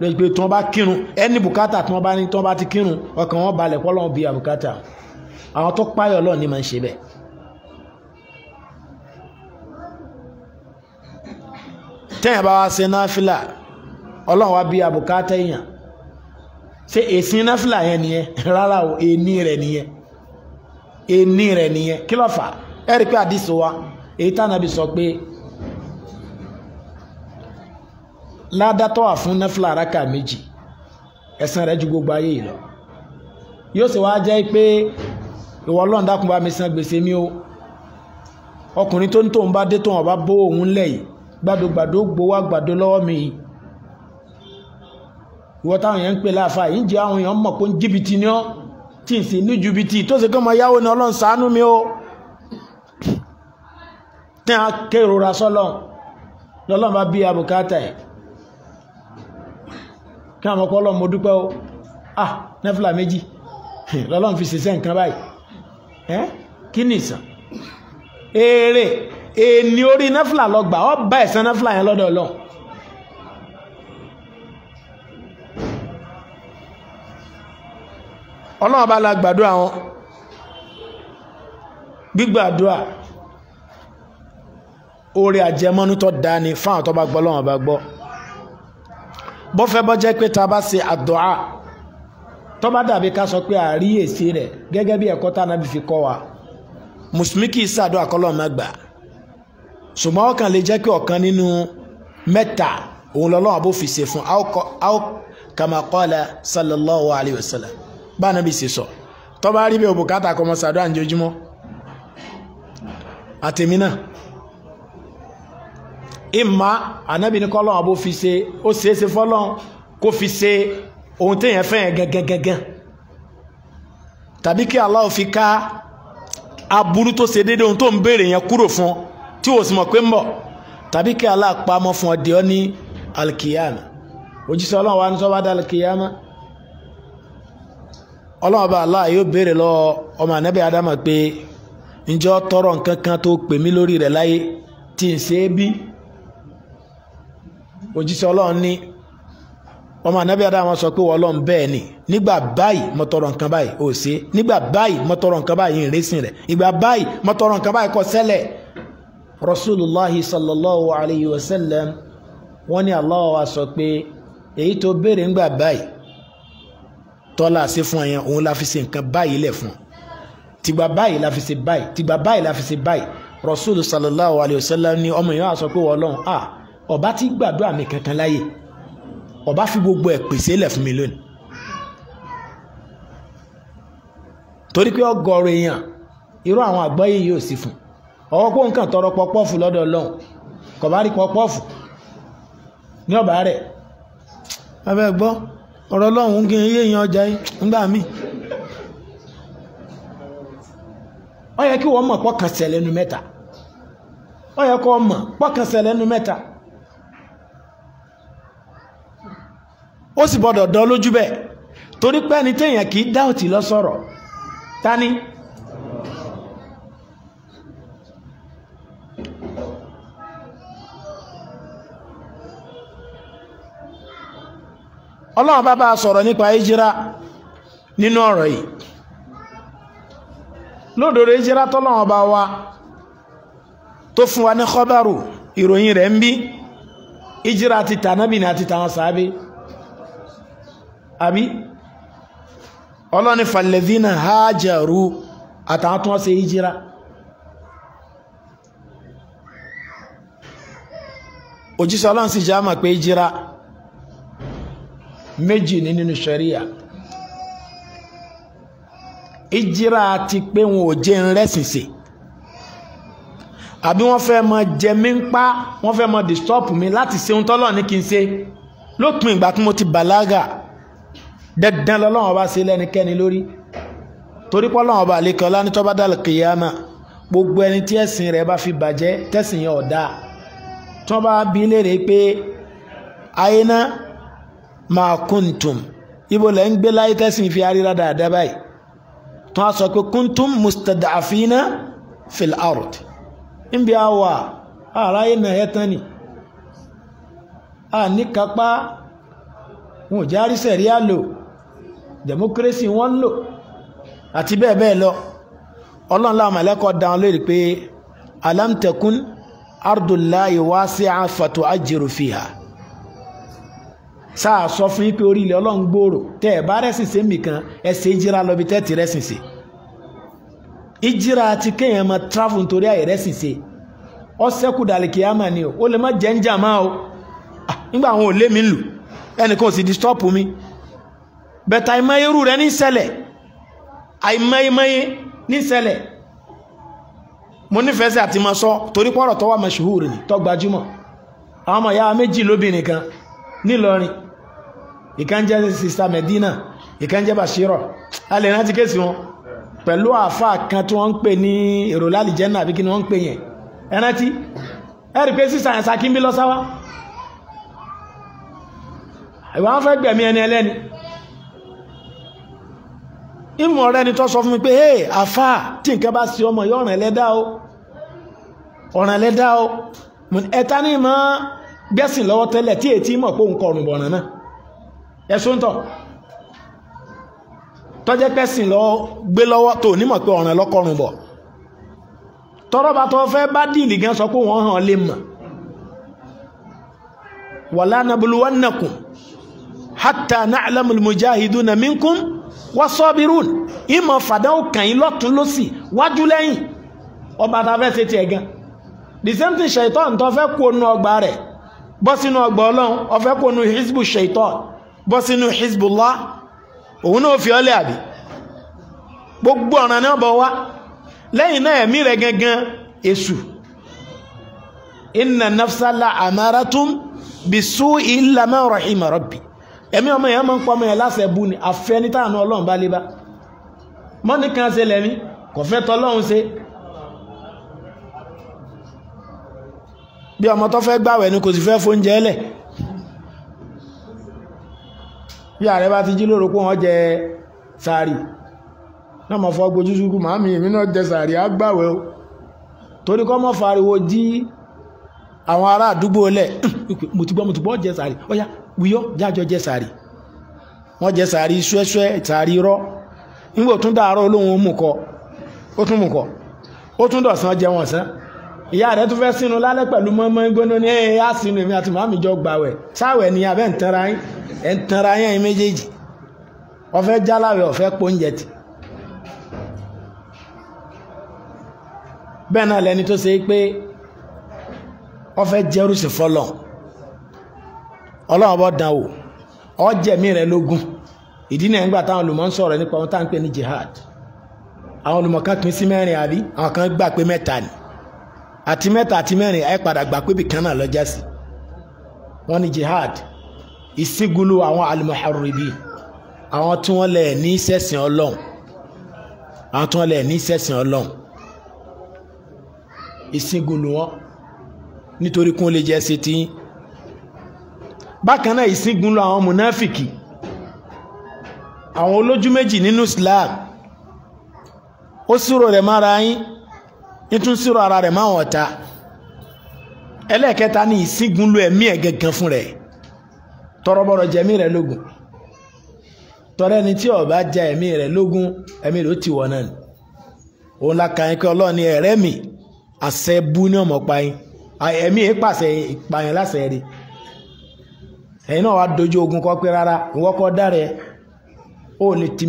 lórí pé tí wọ́n bá kírun ẹni bùkátà tí wọ́n bá ní tí wọ́n bá ti kírun ọkàn wọn balẹ̀ pọ́ lọ́run bí i àbùkátà àwọn tó páyọ ọlọ́run ni máa ń ṣe bẹ́ẹ̀. tẹ́yìn bá wá ṣe náfìlà ọlọ́run wá bí i àbùkátà èèyàn ṣe èsì náfìlà yẹn nìyẹn <laughs> rárá o èní rẹ̀ nìyẹn ẹni rẹ nìyẹn kí ló fà ẹ rí pé àdìsí wa èyí tànàbí sọ pé ládàtọ̀ wà fún nẹ́fìlà àràkà méjì ẹ̀san rẹ ju gbogbo ayé yìí lọ yóò sì jẹ́ pé ìwọ ọlọ́run dákun bá mi san gbèsè o ọkùnrin tó ń tóun bá dé tóun ọba bó òun lẹ́yìn gbowó lọ́wọ́ mi ìwọ táwọn ń pè yìí ń jẹ́ àwọn èèyàn tí n sì ní ju bí tí tó ṣe kọ́ mọ yáwó ni ọlọ́run ṣàánú mi ó tí a kérora sọ́lọ́n lọ́lọ́run bá bí abùkátà ẹ̀ kí àwọn ọkọ̀ ọlọ́run mo dúpẹ́ ó ah nẹ́fìlà méjì <laughs> lọ́lọ́run fi ṣiṣẹ́ nǹkan báyìí ẹ́ kí ni ìsàn èrè èèní orí nẹ́fìlà lọ gbà ọ bá ẹ̀san nẹ́fìlà yẹn lọ́dọ̀ ọlọ́run ọlọ́run bá la gbàdúrà wọn gbígbàdúrà oore àjẹmọ́nú tó dáa ni fáwọn tó bá gbọ́ lọ́wọ́n bá gbọ́ bó fẹ́ bọ́ jẹ́ pé ta bá ṣe àdúà tó bá dàbí ká sọ pé àrí èsì rẹ̀ gẹ́gẹ́ bí ẹ̀kọ́ tá a nábì fi kọ́ wa mùsùlùmí kì í ṣàdúrà kọ́lọ́ má gbà ṣùgbọ́n ọkàn lè jẹ́ pé ọ̀kan nínú mẹ́ta òun lọ́lọ́wọ́n bó fi ṣe fún aw kama qala sallallahu alayhi bá nàbì sì sọ tó bá rí bẹ́ẹ̀ òbúkátà kọ́ mọ́ sàdúrà ǹjojúmọ́ àtẹ̀mí náà ìmá ànábì ní kọ́lọ́n àbó fi ṣe ó ṣeéṣe fọ́lọ́n kó fi ṣe ohun téèyàn fẹ́ yẹn gẹ́gẹ́gẹ́gẹ́ tàbí kí Allah fi ká aburú tó ṣe déédéé ohun tó ń béèrè yẹn kúrò fún tí o sì mọ̀ pé ń bọ̀ tàbí kí Allah fún ọ di ọ ní alkiyama òjíṣẹ́ ọlọ́run wa ní sọ́wádà alkiyama ọlọ́run bá aláà yóò béèrè lọ ọmọ ànábì adama pé ǹjọ́ tọrọ nǹkan kan tó pè mí lórí rẹ̀ láyé tí n ṣe é bí òjíṣẹ́ ọlọ́run ní ọmọ ànábì adama sọ pé wọ́n ọlọ́run bẹ́ẹ̀ ni nígbà báyìí mo nǹkan báyìí ò ṣe nígbà báyìí mo nǹkan báyìí ìrẹsìn rẹ̀ ìgbà báyìí mo nǹkan báyìí kò ṣẹlẹ̀ rasulullahi sallallahu alayhi wa sallam wọ́n ní Allah wa sọ pé èyí tó béèrè ńgbà báyìí tọ́lá ṣe fún ẹyàn òun la fi ṣe nǹkan báyìí lẹ̀ fún tìgbà báyìí la fi ṣe báyìí tìgbà báyìí la fi ṣe báyìí rasul sallallahu alayhi wa sallam ni ọmọ èèyàn àsọ pé wọ́n lọ́hùn à ọba ti gbàdúrà mi kankan láyè ọba fi gbogbo ẹ̀ pèsè lẹ̀ fún mi lónìí torí pé ọgọ́rùn èèyàn irú àwọn àgbọ́yé yóò sì fún ọwọ́ kó nǹkan tọrọ pọpọ́ọ̀fù lọ́dọ̀ ọlọ́hùn kọ̀bá rí pọpọ́ọ̀fù ní ọ̀bá rẹ̀ abẹ́ gbọ́ ọ̀rọ̀ ọlọ́run kí n yé èèyàn ọjà yìí nígbà míì yẹ kí wọ́n mọ̀ pọ́kànsẹ̀ lẹ́nu mẹ́ta ọ yẹ kó mọ̀ pọ́kànsẹ̀ lẹ́nu mẹ́ta ó sì gbọ́dọ̀ dán lójú bẹ́ẹ̀ torí pé téèyàn kì í ta ni. ọlọ́run bá bá sọ̀rọ̀ nípa ìjírá nínú ọ̀rọ̀ yìí lódòdó ìjírá tọ́lọ́run bá wa tó fún wa ní kọ́bárù ìròyìn rẹ̀ ń bí ìjírá ti tànábì ní àti tàwọn sàábé àbí ọlọ́ni falẹ̀dínà hajaru àtàwọn tó wọ́n ṣe ìjírá òjíṣẹ́ ọlọ́run sì já mà pé ìjírá méjì ní nínú ṣẹ̀ríà ìjírà ti pé wọn ò jẹ́ ńrẹ́sìnsìn àbí wọ́n fẹ́ mọ jẹ mí ń pa wọ́n fẹ́ mọ disturb mi láti ṣe ohun tọ́lọ̀ ní kí n ṣe lópin ìgbà tí mo ti bàlágà dandan lọ́lọ́wọ́n bá ṣe lẹ́nikẹ́ni lórí torí pé Ọlọ́run bá àlékẹ́ ọlá ní tọ́ba dàlù kìyàmà gbogbo ẹni tí ẹ̀sìn rẹ̀ bá fi bàjẹ́ tẹ̀sìn yẹn ọ̀dà tí wọ́n bá bí léèrè pé ayé náà máa kúntùm ibo lẹ́ ń gbé láyé tẹ́sìn fi aríra dáadáa báyìí tó a sọ pé kúntùm mustadafina fil ard níbi àwà àráyé náà ẹ̀ tán ni a ní kápá wọn ò járí sẹ̀ríà lò democracy wọn lò àti bẹ́ẹ̀ bẹ́ẹ̀ lọ ọlọ́run láwọn mọ̀lẹ́kọ̀ọ́ dáhùn lórí pé alam takun ardullahi wasi'a fatu ajiru fiha sáà sọ fún yín pé orí ilẹ̀ ọlọ́run gbòòrò tẹ́ ẹ̀ bá rẹ́sìn sí mi kan ẹ ṣe ìjíra lọ bí tẹ́ ti rẹ́sìn sí ìjíra ti kéèyàn máa travel nítorí àyè rẹ́sìn sí ọ sẹ́kù dàlìkì àmà ni o ó lè má jẹ́ ń jà máa o nígbà àwọn ò lé mi lù ẹnìkan ò sì disturb mi bẹ̀tà àìmọyerú rẹ ní ṣẹlẹ̀ àìmọyemọye ní ṣẹlẹ̀ mo nífẹ̀ẹ́ sí àti máa sọ torí pọ̀rọ̀ tó wà ni tó àwọn ọmọ ìyá méjì lóbìnrin kan nílọrin ìkan jẹ́ sista Medina ìkan Bashiro a lè rántí kéèsì wọn pẹ̀lú àáfà kan tí wọ́n ń pè ní èrò lálìjẹ́nà àbí kí ni wọ́n ń pè yẹn ẹ rántí ẹ rí pé sista yẹn sakin bí lọ́sáwá ìwà wọn fẹ́ gbẹ̀mí ẹni ẹlẹ́ni ìmọ̀ ọ̀rẹ́ ni tó sọ fún mi pé hey àáfà tí nǹkan bá sí ọmọ yóò ràn ẹlẹ́dá o ọ̀ràn ẹlẹ́dá o ẹ̀ta ni mọ́ gbẹ̀sìn lọ́wọ́ tẹ́lẹ̀ tí èyí tí mọ̀ pé òun kọrùn bọ̀ràn náà ẹ̀sùn tọ̀ tọ́jẹ́ pẹ́sìn lọ gbé lọ́wọ́ tó nímọ̀ pé ọ̀ràn lọ́kọ̀rùn bọ̀ tọ́rọ̀ bá tọ́ fẹ́ bá dìlì gan sọ pé wọ́n hàn lè mọ̀ wala nabluwannakum hatta na'lamul mujahiduna minkum wasabirun ìmọ̀ fàdáwò kàn yín lọ́tún lọ́sì wájú lẹ́yìn ọba ta fẹ́ ṣe tiẹ̀ gan the same thing ṣètọ́ ń tọ́ fẹ́ kó nu ọgbà rẹ̀ bọ́ sínú ọgbà ọlọ́run ọfẹ́ kó nu hizbu bọ́ sínú Hezbollah òun náà fi ọlẹ́ àbí gbogbo ọ̀ràn náà bọ̀ wá lẹ́yìn náà ẹ̀mí rẹ̀ gangan èṣù inna nafsala amaratun rahima rabbi ẹ̀mí ọmọ yẹn máa ń pọmọ yẹn láṣẹ bú ni àfẹni táànù ọlọ́run bá lé bá mọ́ni kan ṣe lẹ́mí kò fẹ́ tọ́lọ́run ọmọ tó fẹ́ gbàwẹ̀ ni bí ààrẹ bá ti jí lóru kó jẹ sàárì náà mọ̀ fọ́ gbojú ṣúgbù màámi èmi náà jẹ sàárì o torí kọ́ mọ́ fariwo jí àwọn ará àdúgbò lẹ̀ <clears throat> mo jẹ sàárì ọya wíyọ́ jẹ sàárì wọ́n jẹ sàárì sàárì rọ́ nígbà ó mú kọ ó tún mú kọ ó tún dọ̀sán ìyá rẹ̀ tún fẹ́ sínú lálẹ́ pẹ̀lú mọ́mọ́ gbóná ní ẹ̀yìn á sínú èmi àti màmí jọ gbàwẹ̀ sáwẹ̀ ni abẹ́ ń tanra yín ẹ̀ ń tanra yín ẹ̀yin méjèèjì ọ̀fẹ́ jáláwẹ̀ ọ̀fẹ́ pọ́njẹ tì. bẹ́ẹ̀ náà lẹni tó ṣe é pé ọ̀fẹ́ jẹ́rùsì fọlọ̀ ọlọ́run bọ́ dán o ọ̀jẹ̀mí rẹ̀ lógún ìdí náà nígbà táwọn olùmọ̀ ń sọ̀rọ̀ nípa wọn táwọn ń pè ní jihad àwọn olùmọ̀ kan pín sí mẹ́rin àbí àwọn kan gbà pé mẹ́ta ni àti mẹ́ta àti mẹ́rin ẹ padà gbà pé ibìkan náà lọ́jà sí wọ́n ní jihad ìsígulu àwọn alimuharibi àwọn tí wọ́n lẹ̀ ní sẹ́sìn ọlọ́run àwọn tí wọ́n lẹ̀ ní sẹ́sìn ọlọ́run ìsígulu wọn nítorí kún lè jẹ́ sí tiyín bákan náà ìsígulu àwọn munafiki àwọn olójú méjì nínú Islam ó sùrọ̀ rẹ̀ mára yín. ìtún sírò ara rẹ̀ máwọn ọ̀tá ẹlẹ́ẹ̀kẹta ní lo ẹ̀mí ẹ̀ gẹ̀gẹ̀ fún rẹ̀ tọrọbọrọ jẹ̀mí rẹ̀ lógun tọrẹ ni tí jẹ ẹ̀mí rẹ̀ lógun ẹ̀mí rẹ̀ ó ti wọ̀nà ni òun la kàn yín pé ọlọ́ọ̀ni ẹ̀rẹ́ mi àṣẹ bú ní ọmọ ẹ̀mí yìí pàṣẹ rí ẹ̀yin náà wá dojú ogun kọ́ pé rárá ìwọ́kọ́ dára ẹ̀ ó ti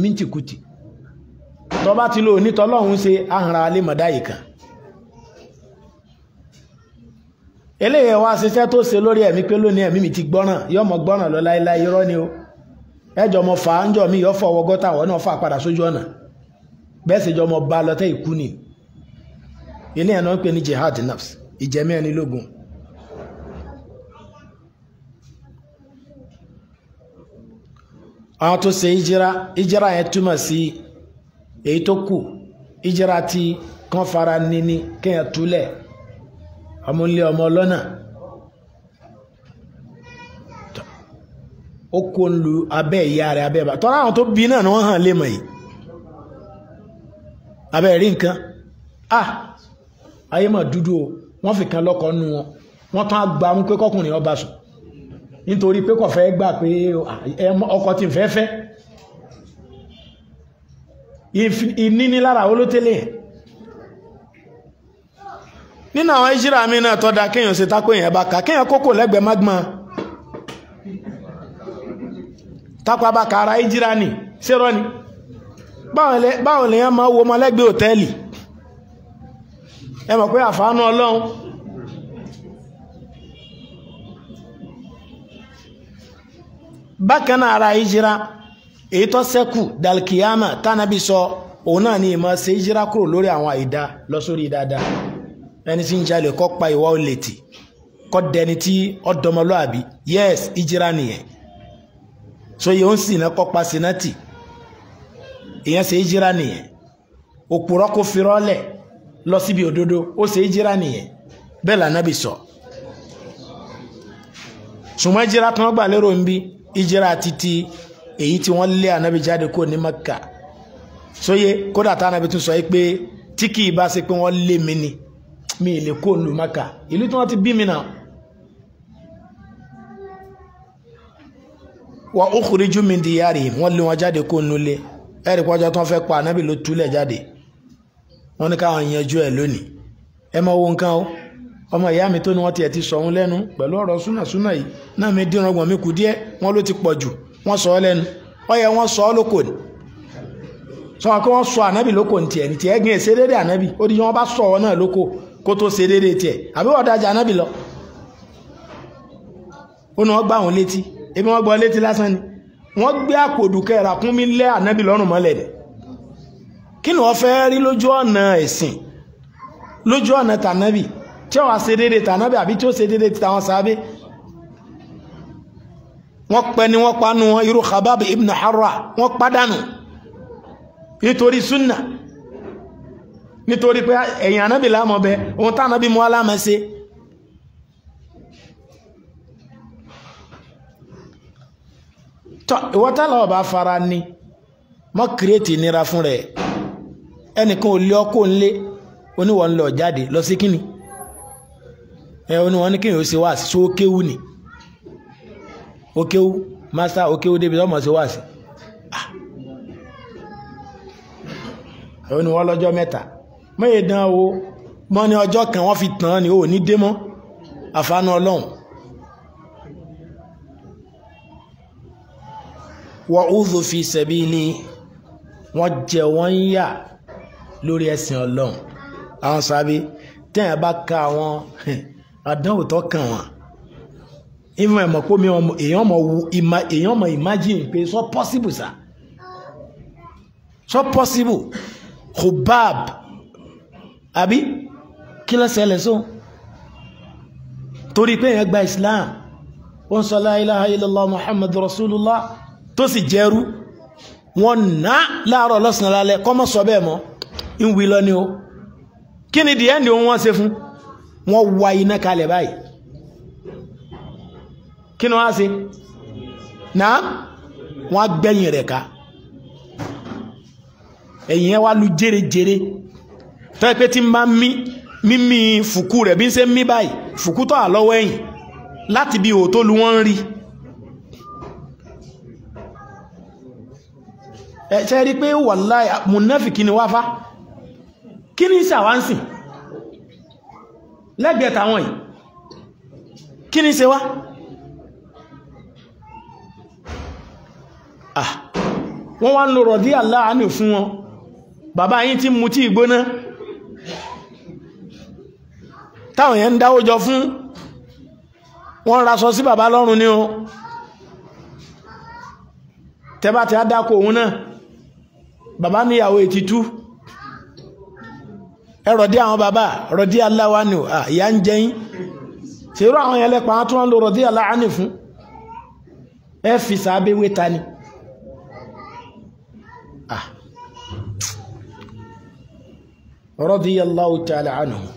eléyìí wá ṣiṣẹ́ tó ṣe lórí ẹ̀mí pé lónìí ẹ̀mí mi ti gbọ́ràn yọ mọ gbọ́ràn lọ láéláé irọ́ ni o ẹjọ mọ fà á ń jọ mí yóò fọwọ́ gọ́tà wọ́n náà fà padà sójú ọ̀nà bẹ́ẹ̀ sì jọ mọ bá lọ́tẹ́ ni ilé ẹ̀ náà ń pè ní jihad nafs ìjẹ́mí ẹni àwọn tó ṣe yẹn túmọ̀ sí èyí tó kù ti fara ọmọ ilé ọmọ ọlọ́nà ó kó ń lu abẹ́ ìyá rẹ̀ abẹ́ bàbá tọ́lá àwọn tó bí náà ni wọ́n hàn lè mọ̀ yìí abẹ́ rí nǹkan ah ayé mà dúdú o wọ́n fi kan lọ́kọ̀ nu wọn wọ́n tán gba mú pé kọkùnrin ọba sùn nítorí pé kò fẹ́ gbà pé ọkọ tí ń fẹ́ fẹ́ ìnínilára olótẹ́lẹ̀ yẹn nínú àwọn ìṣírà mi náà tọ́da kéèyàn ṣe tako èèyàn bá ka kéèyàn kókò lẹ́gbẹ̀ẹ́ magma tako abaka ara ìṣírà ni ṣérọ́ ni báwọn ma máa wo ọmọ legbe òtẹ́ẹ̀lì emekwe pé àfàánú bákan ara ìṣírà èyí tó sẹ́kù dalkiyama tánàbí sọ òun náà ni ìmọ̀ ṣe ìṣírà kúrò lórí àwọn àìdá lọ ẹni tí ń jalè kó pa ìwà olè tì kó dẹni tí ọ̀dọ́mọlúàbí yes ìjìrá nìyẹn so yìí ó ń sìnà kó pa sìnà tì ìyẹn ṣe ìjìrá nìyẹn òpùrọ́ kó fi rọ́lẹ̀ lọ síbi òdodo ó ṣe ìjìrá nìyẹn bẹ́ẹ̀ l'Ànábì sọ ṣùgbọ́n ìjìrá tí wọ́n gbà lérò ń bí ìjìrá títí èyí tí wọ́n lé Ànábì jáde kúrò ní Mẹ́kà sóye kódà tá Ànábì tún sọ yìí pé tí kì í bá ṣe pé wọ́n lé mi ni. So, ye, mi ì lè kó lu maka ìlú tí wọ́n ti bí mi náà wa ukhriju min diyarihim wọ́n lé wọn jáde kó nulẹ̀ ẹ̀rí pọ́jọ́ tó ń fẹ́ pa ànábì ló túlẹ̀ jáde wọ́n ní káwọn yanjú ẹ̀ lónìí ẹ máa wo nǹkan o ọmọ ìyá mi tó ní wọ́n tiẹ̀ ti sọ òun lẹ́nu pẹ̀lú ọ̀rọ̀ súnàsúnà yìí náà mi dín ọgbọ̀n mi kù díẹ̀ wọ́n ló ti pọ̀ jù wọ́n sọ ọ́ lẹ́nu wọ́n yẹ wọ́n sọ ọ́ lóko ni sọ wọn kí wọ́n sọ ànábì lóko ní tiẹ̀ ní tiẹ̀ gbin èsè dédé ànábì ó di wọ́n bá sọ ọ náà lóko kó tó ṣe déédéé tiẹ̀ àbí wọ́n dájà anábì lọ ó ní wọ́n gbá àwọn létí ebi wọ́n gbọ́ létí lásán ni wọ́n gbé àpòdùkẹ́ ràkúnmí lẹ́ ànábì lọ́rùn mọ́lẹ̀ dẹ̀ kí ni wọ́n fẹ́ rí lójú ọ̀nà ẹ̀sìn lójú ọ̀nà tànábì tí wọ́n ṣe déédéé tànábì àbí tí ó ṣe déédéé ti tàwọn sábẹ́ wọ́n pẹ́ ni wọ́n panu wọn irú Khabab ibn Harra wọ́n pàdánù nítorí sunna nítorí pé ẹ̀yìn ànábì lámọ̀ bẹ ohun tánábì mú alámọ̀ sí ìwọ́tálà ọba fara ni mọ́ kírètì nira fún rẹ̀ ẹnìkan ò lé ọkọ̀ ńlé oníwọ̀n lọ jáde lọ sí kíni ẹ oníwọ̀n ní kíni ó ṣe wá sí so ókéwú ni ókéwú mástá ókéwú débi ọmọ ṣe wá sí ẹ ah. oníwọ̀n lọ́jọ́ mẹ́ta mẹ́ẹ̀dán o mọ́ ní ọjọ́ kan wọ́n fi tàn án ni ò ní dé mọ́ àfánú ọlọ́run wọ́n úzò fi ṣẹ̀bí ni wọ́n jẹ wọ́n ń yà lórí ẹ̀sìn ọlọ́run àwọn sábé tẹ́yìn bá ka àwọn <laughs> àdánwò tó kàn wọ́n ìmọ̀ ẹ̀mọ̀ pé èèyàn mọ̀ wu èèyàn mọ̀ imagine pé so possible sa so possible Khubab àbí kí ló ṣẹlẹ̀ sóhun torí pé èèyàn gba islam wọ́n sọ la ilaha illallah muhammad rasulullah tó sì jẹ́rú wọ́n ná láàárọ̀ lọ́sàn lálẹ́ kọ́mọ́ sọ bẹ́ẹ̀ mọ́ ń wí lọ ni o kí ni díẹ̀ ni wọ́n ṣe fún wọ́n wá iná kalẹ̀ báyìí kí tọ́ pé tí ń bá mí mímí fùkú rẹ̀ bí ń ṣe mí báyìí fùkú tọ́ àlọ́wọ́ ẹ̀yìn láti bí òótó lu wọ́n ń rí ẹ̀ṣẹ́ rí pé wàláhì mùnáfìkì ni wáfá kí ní ṣàwánsìn lẹ́gbẹ̀ẹ́ tàwọn yìí kí ní ṣe wá ah, wọ́n wá ń lo rọ̀dí Allah fún wọn bàbá yín tí ìgbóná táwọn yẹn ń dáwó jọ fún wọ́n raṣọ sí bàbá lọ́rùn ni o tẹ́bá ti á dákò òun náà bàbá níyàwó ètìtú ẹ̀rọ̀dí àwọn bàbá rọ̀dí aláwa ni ìyá ń jẹyìn tí irú àwọn yẹn lẹ́pàá tó ń lo rọ̀dí aláwa ní fún ẹ fi sàábéwé ta ni rọ̀dí aláwa tààlà ánìhùn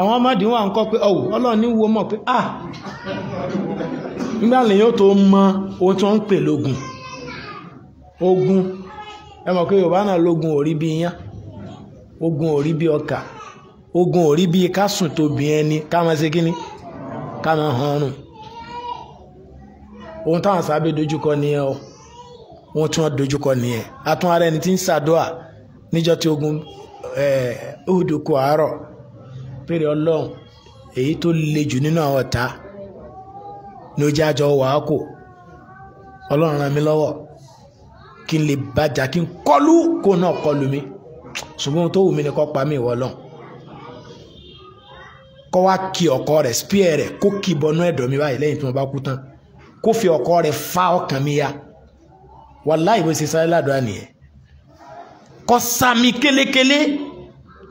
àwọn ọmọdé wà ń kọ́ pé ọ̀wọ̀ ọlọ́run ní wo mọ̀ pé à ah! nígbà lè yóò tó mọ ohun tí wọ́n ń pè lógun ogun ẹ mọ̀ pé yorùbá náà lógun ò bí iyán ogun ò rí bí ọkà ogun ò rí bí ká sùn tóbi ẹni ká máa ṣe kíní ká máa hàn ọrùn ohun táwọn sábẹ́ dojúkọ nìyẹn o ohun tí wọ́n dojúkọ nìyẹn atún ara ẹni tí ń ṣàdúà níjọ́ tí ogun ẹ̀ẹ́dùkú àárọ̀ péré ọlọ́run èyí tó le jù nínú àwọn ọ̀tá ní ó jẹ́ àjọ wàá kò ọlọ́run ràn mí lọ́wọ́ kí n lè bàjá kí n kọlù kó náà kọlù mi ṣùgbọ́n tó wù mí ni kó pa mí ìwọ ọlọ́run kó wá kí ọkọ rẹ̀ spear rẹ̀ kó kì bọnú ẹ̀dọ̀ mi báyìí lẹ́yìn tí mo bá kú tán kó fi ọkọ rẹ̀ fa ọkàn mi ya wàláì ṣe sáré ládùá nìyẹn kó sá kélékélé. Kele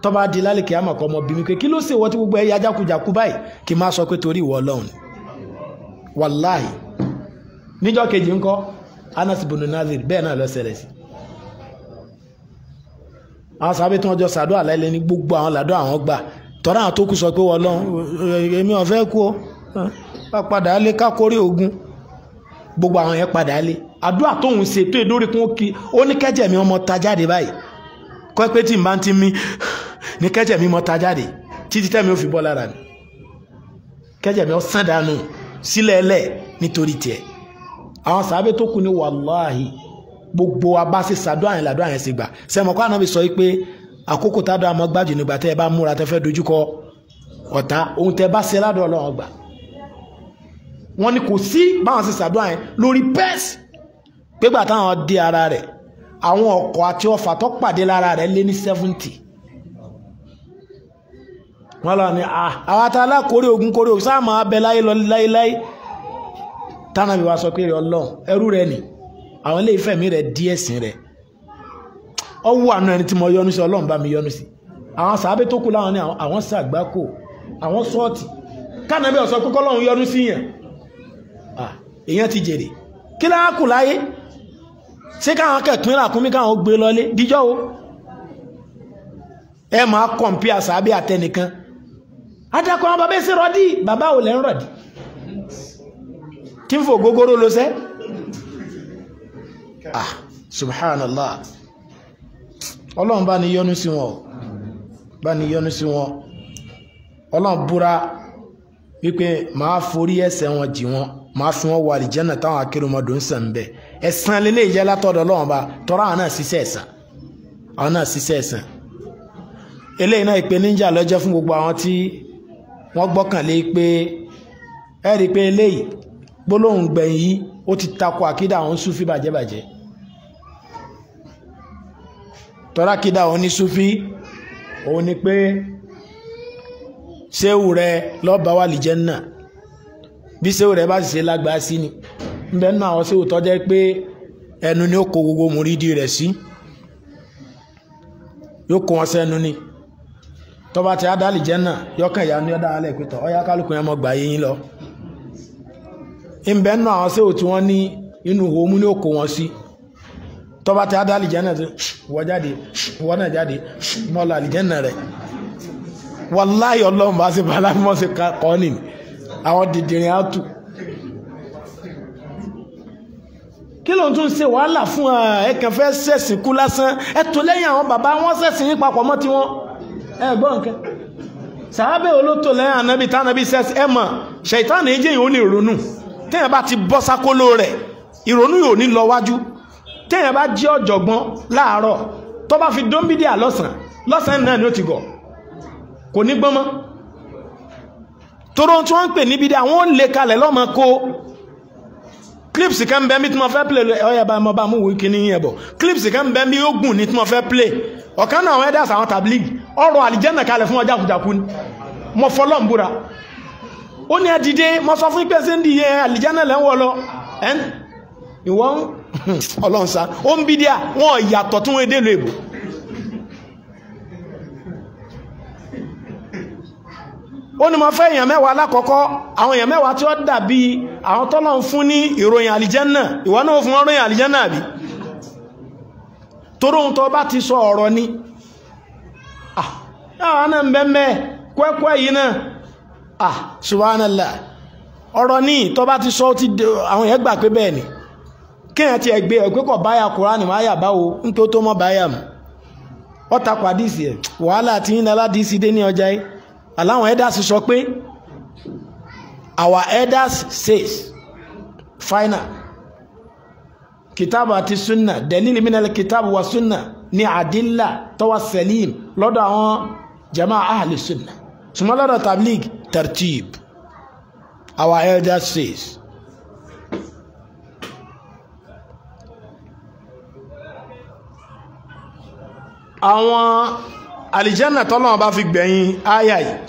tọ́ba di lálẹ́ kí a mọ̀ kọ́ ọmọ bí mi pé kí ló ṣe wọ́n tí gbogbo ẹ̀yà jákujàku báyìí kí n máa sọ pé torí ìwọ ọlọ́run wàláì níjọ́ kejì ńkọ́ Anas ibn Nazir bẹ́ẹ̀ náà lọ sí. àwọn sábẹ́ tí wọ́n jọ sàdó àlàyé ní gbogbo àwọn làdó àwọn gbà tọ́ra àwọn tó kù sọ pé wọ́n lọ́n èmi ò fẹ́ kú ó padà lé kákórí ogun gbogbo àwọn yẹn padà lé àdúrà tóun ṣe tó èdórí kún ó ní kẹ́jẹ̀ mi ọmọ ta jáde báyìí kọ́ pé tí n bá ti mí ní kẹ́jẹ̀ mi mọ́ ta jáde títí tẹ́mi ó fi bọ́ lára mi kẹ́jẹ̀ mi ó sàn dànù sílẹ̀ ẹlẹ̀ nítorí tiẹ̀ àwọn sàábé tó kù ní wàláhì gbogbo abá sí sàdúrà yẹn làdúrà sì gbà sẹ́mọ̀kọ́ àná mi sọ pé àkókò tá a dọ̀ àmọ́ gbàjù nígbà tẹ́ ẹ bá múra tẹ́ fẹ́ dojúkọ ọ̀tá ohun tẹ́ bá ṣe ládọ̀ ọlọ́run gbà wọ́n ní kò sí báwọn sì sàdúrà yẹn lórí pẹ́ẹ́sì pégbà táwọn di ara rẹ̀ àwọn ọkọ̀ àti ọfà tó pàdé lára rẹ̀ lé ní seventy wọ́n lọ ní ah, àwátá alákòórí ogun kórí ogun sáà máa bẹ láyé lọ láyéláyé tánàbí wa sọ pé rẹ ọlọ́run ẹrú rẹ ni àwọn ilé ìfẹ́ mi rẹ díẹ̀ sí rẹ ọwọ́ àna ẹni tí mo yọ́nú sí ọlọ́run bá mi yọ́nú sí àwọn sàábé tó kù láwọn ní àwọn sàgbákò àwọn sọ́ọ̀tì kánàbí ọ̀sọ́ pé kọ́lọ́run yọ́nú sí yẹn èèyàn ti jèrè kí láwọn kù láyé ṣé káwọn kẹ̀pín làkúnmí káwọn gbé lọlé díjọ́ o ẹ máa kọ̀ǹpí àsàábé àtẹnìkan adakọ̀ àwọn bàbá ẹsẹ̀ rọ̀dí bàbá ò lẹ́ ń rọ̀dí tí ah subhanallah ọlọ́run bá ni yọ́nú sí wọn bá ní yọ́nú sí wọn ọlọ́run búra wípé màá forí wọn jì wọn màá wọn wọ àlìjẹ́nà táwọn akérèmọdò ń sàn bẹ́ẹ̀ ẹ̀san wọ́n gbọ́kànlé pé ẹ rí i pé eléyìí gbólóhùn gbẹ̀yìn yìí ó ti takò àkídà àwọn sufi bàjẹ́bàjẹ́ tọ́ra àkídà àwọn ní sufi òun ni pé ṣéwù rẹ lọ́ba wà lìjẹ́ náà bí ṣéwù rẹ bá sì ṣe lágbàá sí ni nbẹ nínú àwọn ṣéwù tọ́jẹ́ pé ẹnu ni ó kó gbogbo mùrídìí rẹ̀ sí yóò kó wọn sẹ́nu ni tọba ti adali jẹ́nà yọkàn ìyá ní ọ̀dà alẹ́ ìpẹ́tọ̀ ọ̀yá kálukú yẹn mọ̀ gbà yé yín lọ. ìbẹ́ nù àwọn sẹ́wò tí wọ́n ní inú ihò mú ní òkò wọn sí tọba ti adali jẹ́nà tó wọ́n jáde wọ́n náà jáde mọ́ lọ àlìjẹ́nà rẹ̀ wàláyé ọlọ́run bá ṣe bàálà mọ́ ṣe kọ́ ni àwọn dìndìnrín á tù. kí ló ń tún ṣe wàhálà fún ẹ kàn fẹ́ ṣẹ̀sìn kú lásán ẹ tó lẹ́yìn àwọn bàbá wọn ṣẹ̀sìn yín papọ̀ mọ́ tiwọn ẹ gbọ́ nǹkan sàábẹ̀ olótò lẹ́yìn ànábì tánàbí sẹ́sì ẹ mọ̀ ṣèitánì ìjẹ́ yìí ó ní ìrònú téèyàn bá ti bọ́ sákóló rẹ̀ ìrònú yóò ní lọ wájú téèyàn bá jí ọ̀jọ̀gbọ́n láàárọ̀ tó bá fi dóńbídìà lọ́sàn lọ́sàn náà ni ó ti gọ̀ kò ní gbọ́n mọ́ toró tí wọ́n ń pè níbi dé àwọn ó lè kalẹ̀ lọ́mọ kó clips kan bẹ́ẹ̀ bí tí mo fẹ́ play ọyẹ bá mo bá mú wí kíní yẹn bọ̀ clips kan bẹ́ẹ̀ bí ó gùn ní tí mo fẹ́ play ọ̀kan náà àwọn ẹ̀dá àwọn tablig ọ̀rọ̀ àlìjẹ́nà kalẹ̀ fún ọjà kùjàkù ni mo fọlọ́ ń búra ó ní ẹdìdé mo sọ fún pé sẹ́ndì yẹ àlìjẹ́nà lẹ́ ń wọ lọ ẹn ìwọ́n <laughs> ọlọ́nsá ó ń bí díà wọn ìyàtọ̀ tí wọ́n dé lo èbò ó ní mo fẹ́ èèyàn mẹ́wàá lákọ̀ọ́kọ́ àwọn èèyàn mẹ́wàá tí ó dàbí àwọn tọ́lọ̀ ń fún ní ìròyìn àlìjẹ́nà ìwọ náà fún ọ́ròyìn àlìjẹ́nà ti sọ ọ̀rọ̀ ni ah, àwọn náà ń bẹ́m̀bẹ́ kwẹ́kwẹ́ yìí náà ah ọ̀rọ̀ ní tó bá ti sọ ti àwọn èèyàn gbà pé bẹ́ẹ̀ ni ti ẹgbẹ́ ẹgbẹ́ kọ̀ báyà aláwọn elders sọ pé our elders says final kitabu àti sunna delili minal kitabu wa sunna ni adilla tọwa selim lọ́dọ̀ àwọn jama ahli sunna ṣùgbọ́n lọ́dọ̀ tablig tartib our elders says àwọn àlìjánà tọ́lọ́wọ́n bá fi gbẹ̀yìn áyà yìí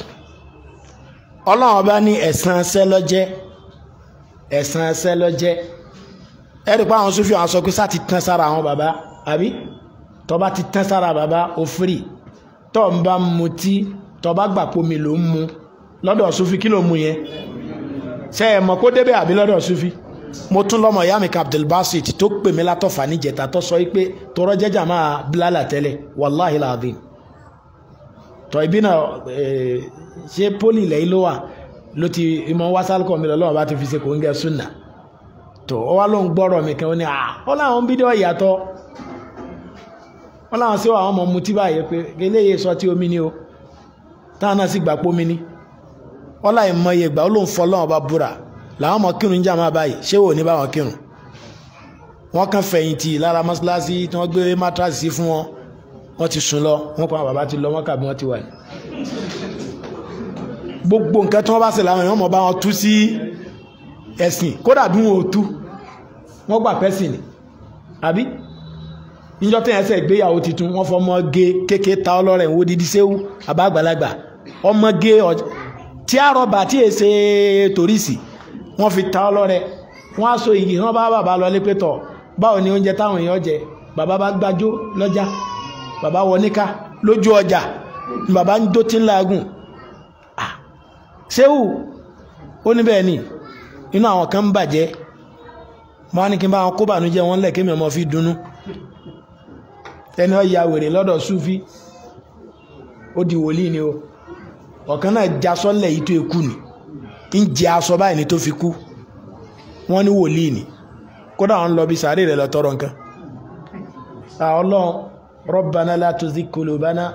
ọlọ́wọ́n bá ní ẹ̀san sẹ́lọ́jẹ́ ẹ̀san sẹ́lọ́jẹ́ ẹ̀rí pa àwọn sófin àwọn sọ pé sáà ti tán sára àwọn bàbá àbí tọba ti tán sára bàbá ó firi tọ́ ń bá mutí tọba gbà pomi ló ń mu lọ́dọ̀ sufi kí ló mu yẹn ṣe é mọ̀ kó débẹ̀ àbí lọ́dọ̀ sufi mo tún lọ́mọ ìyá mi Abdul Basit tó pè mí látọ̀fà níjẹta tó sọ pé tọrọ jẹjà máa bílálà tẹ́lẹ̀ wàláhìláàdín tọ́ ibi náà eh, ṣé poli ilẹ̀ yìí ló wà ló ti ìmọ̀ wásálù kọ́ mi lọ́wọ́ bá ti fi ṣe kò ń gẹ súnà tó ọ wá ló ń gbọ́rọ̀ mi kan ó ní à ó láwọn bídíò ìyàtọ̀ wọ́n láwọn sí àwọn ọmọ mutí báyìí pé eléyè sọ tí omi ni o táwọn náà sì gbà pómi ni wọ́n láì mọ iye gbà ó ló ń fọ lọ́wọ́ bá búra làwọn ọmọ kírun jà máa báyìí ṣé wò ní báwọn kírun wọ́n kàn fẹ̀yìntì lára mọ́ṣáláṣí tí wọ́n gbé mátrasì fún wọn wọ́n ti sùn lọ wọ́n pa àwọn bàbá ti lọ wọ́n kàbí wọ́n ti wà ní. gbogbo nǹkan tí wọ́n bá ṣe làwọn èèyàn mọ̀ bá wọn tú sí ẹ̀sìn kódà bí wọn ò tú wọ́n gbà pẹ́sìn ni àbí níjọ́ tẹ̀yìn ẹsẹ̀ ìgbéyàwó tuntun wọ́n fọmọ gé kéke ta ọlọ́rẹ̀ wo didi séwu àbá àgbàlagbà ọmọ gé tí àrọ̀bà tí èsè tòrísì wọ́n fi ta ọlọ́rẹ̀ wọ́n á ìyí wọ́n bá bàbá lọ lépètọ̀ báwo ni oúnjẹ táwọn èèyàn jẹ bàbá bá gbájó lọ́jà Baba wọ níká lójú ọjà ni bàbá ń dó tí ń làágùn ṣéwù ó ní bẹ́ẹ̀ ni inú àwọn kan ń bàjẹ́ mo á ní kí n bá wọn kó bànújẹ́ wọn lẹ̀ kémi ọmọ fi dunnú ẹni ọ ya wèrè lọ́dọ̀ súfí ó di wòlíì ni o ọ̀kan náà jasọ́ lẹ̀ yìí tó ekú ni ń jẹ aṣọ báyìí ni tó fi kú wọ́n ní wòlíì ni kódà wọn lọ bí sàárè rẹ̀ lọ tọrọ nǹkan ọlọ́run ربنا لا تزغ قلوبنا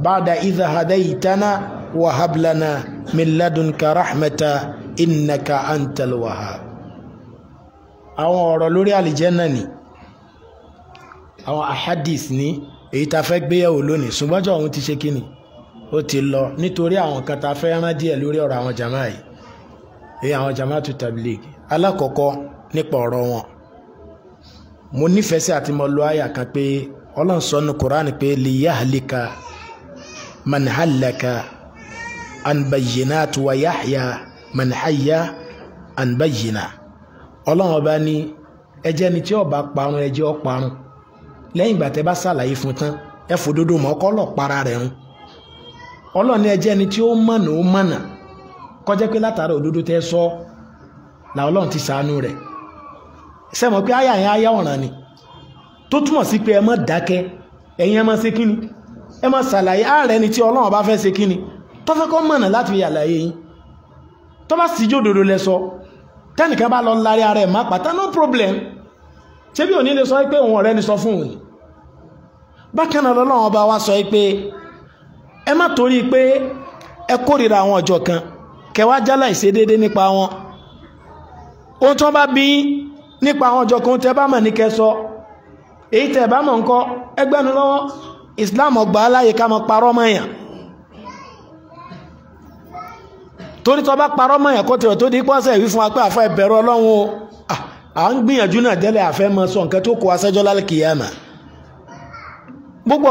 بعد إذ هديتنا وهب لنا من لدنك رحمة إنك أنت الوهاب àwọn ọ̀rọ̀ lórí àlìjẹ́nà ni àwọn ahadis ni èyí tá a fẹ́ gbéyẹ̀wò lónìí ṣùgbọ́n jọ òun ti ṣe kí ni ó ti lọ nítorí àwọn kan tá fẹ́ rán díẹ̀ lórí ọ̀rọ̀ àwọn jama yìí èyí àwọn jama tu tabligh alákọ̀ọ́kọ́ nípa ọ̀rọ̀ wọn mo nífẹ̀ẹ́ sí àti mo lo àyà kan pé ọlọ́run sọ ní kuraani pé liyahlika man halaka an bayyinat wa yahya man hayya an bayyina ọlọ́run ọba ní ẹjẹ́ ni tí ọba parun ẹjẹ́ ọ parun lẹ́yìn ìgbà tẹ́ bá ṣàlàyé fún tán ẹ fòdodo mọ́ ọkọ́ lọ para rẹ̀ run ọlọ́run ní ẹjẹ́ ni tí ó mọ̀nà ó mọ̀nà kọjá pé látara òdodo tẹ́ sọ làwọn ọlọ́run ti ṣàánú rẹ̀ sẹ́mọ̀ pé àyà yẹn àyà ọ̀ràn ni tó túmọ̀ sí pé ẹ má dákẹ́ ẹ̀yin ẹ má ṣe kíni ẹ má ṣàlàyé ààrẹ ni tí ọlọ́run bá fẹ́ ṣe kíni tó fẹ́ kọ́ mọ̀nà láti fi àlàyé yín tó bá sì jòdòdò lẹ tẹ́nìkan bá lọ lárí ara ẹ̀ má pàtà no problem ṣé bí òní lè sọ pé òun ọ̀rẹ́ ni sọ fún òun bákan náà lọ́lọ́run ọba wa sọ pé ẹ má torí pé ẹ kórìíra àwọn ọjọ́ kan kẹwàá jálà ìṣedéédé nípa wọn ohun tí wọ́n bá bí nípa àwọn ọjọ́ kan tẹ́ bá mọ̀ ní kẹ́ èyí tẹ̀ bá mọ̀ nǹkan ẹgbẹ́nu lọ́wọ́ Islam ọgbà aláyè ká mọ parọ́ mọ́yàn torí tọ́ bá parọ́ mọ́yàn kó tẹ̀rẹ̀ tó di pọ́sẹ̀ wí fún wa àfẹ́ ìbẹ̀rù Ọlọ́run o à ń gbìyànjú náà délé àfẹ́ mọ sọ nǹkan tó aṣẹ́jọ́ gbogbo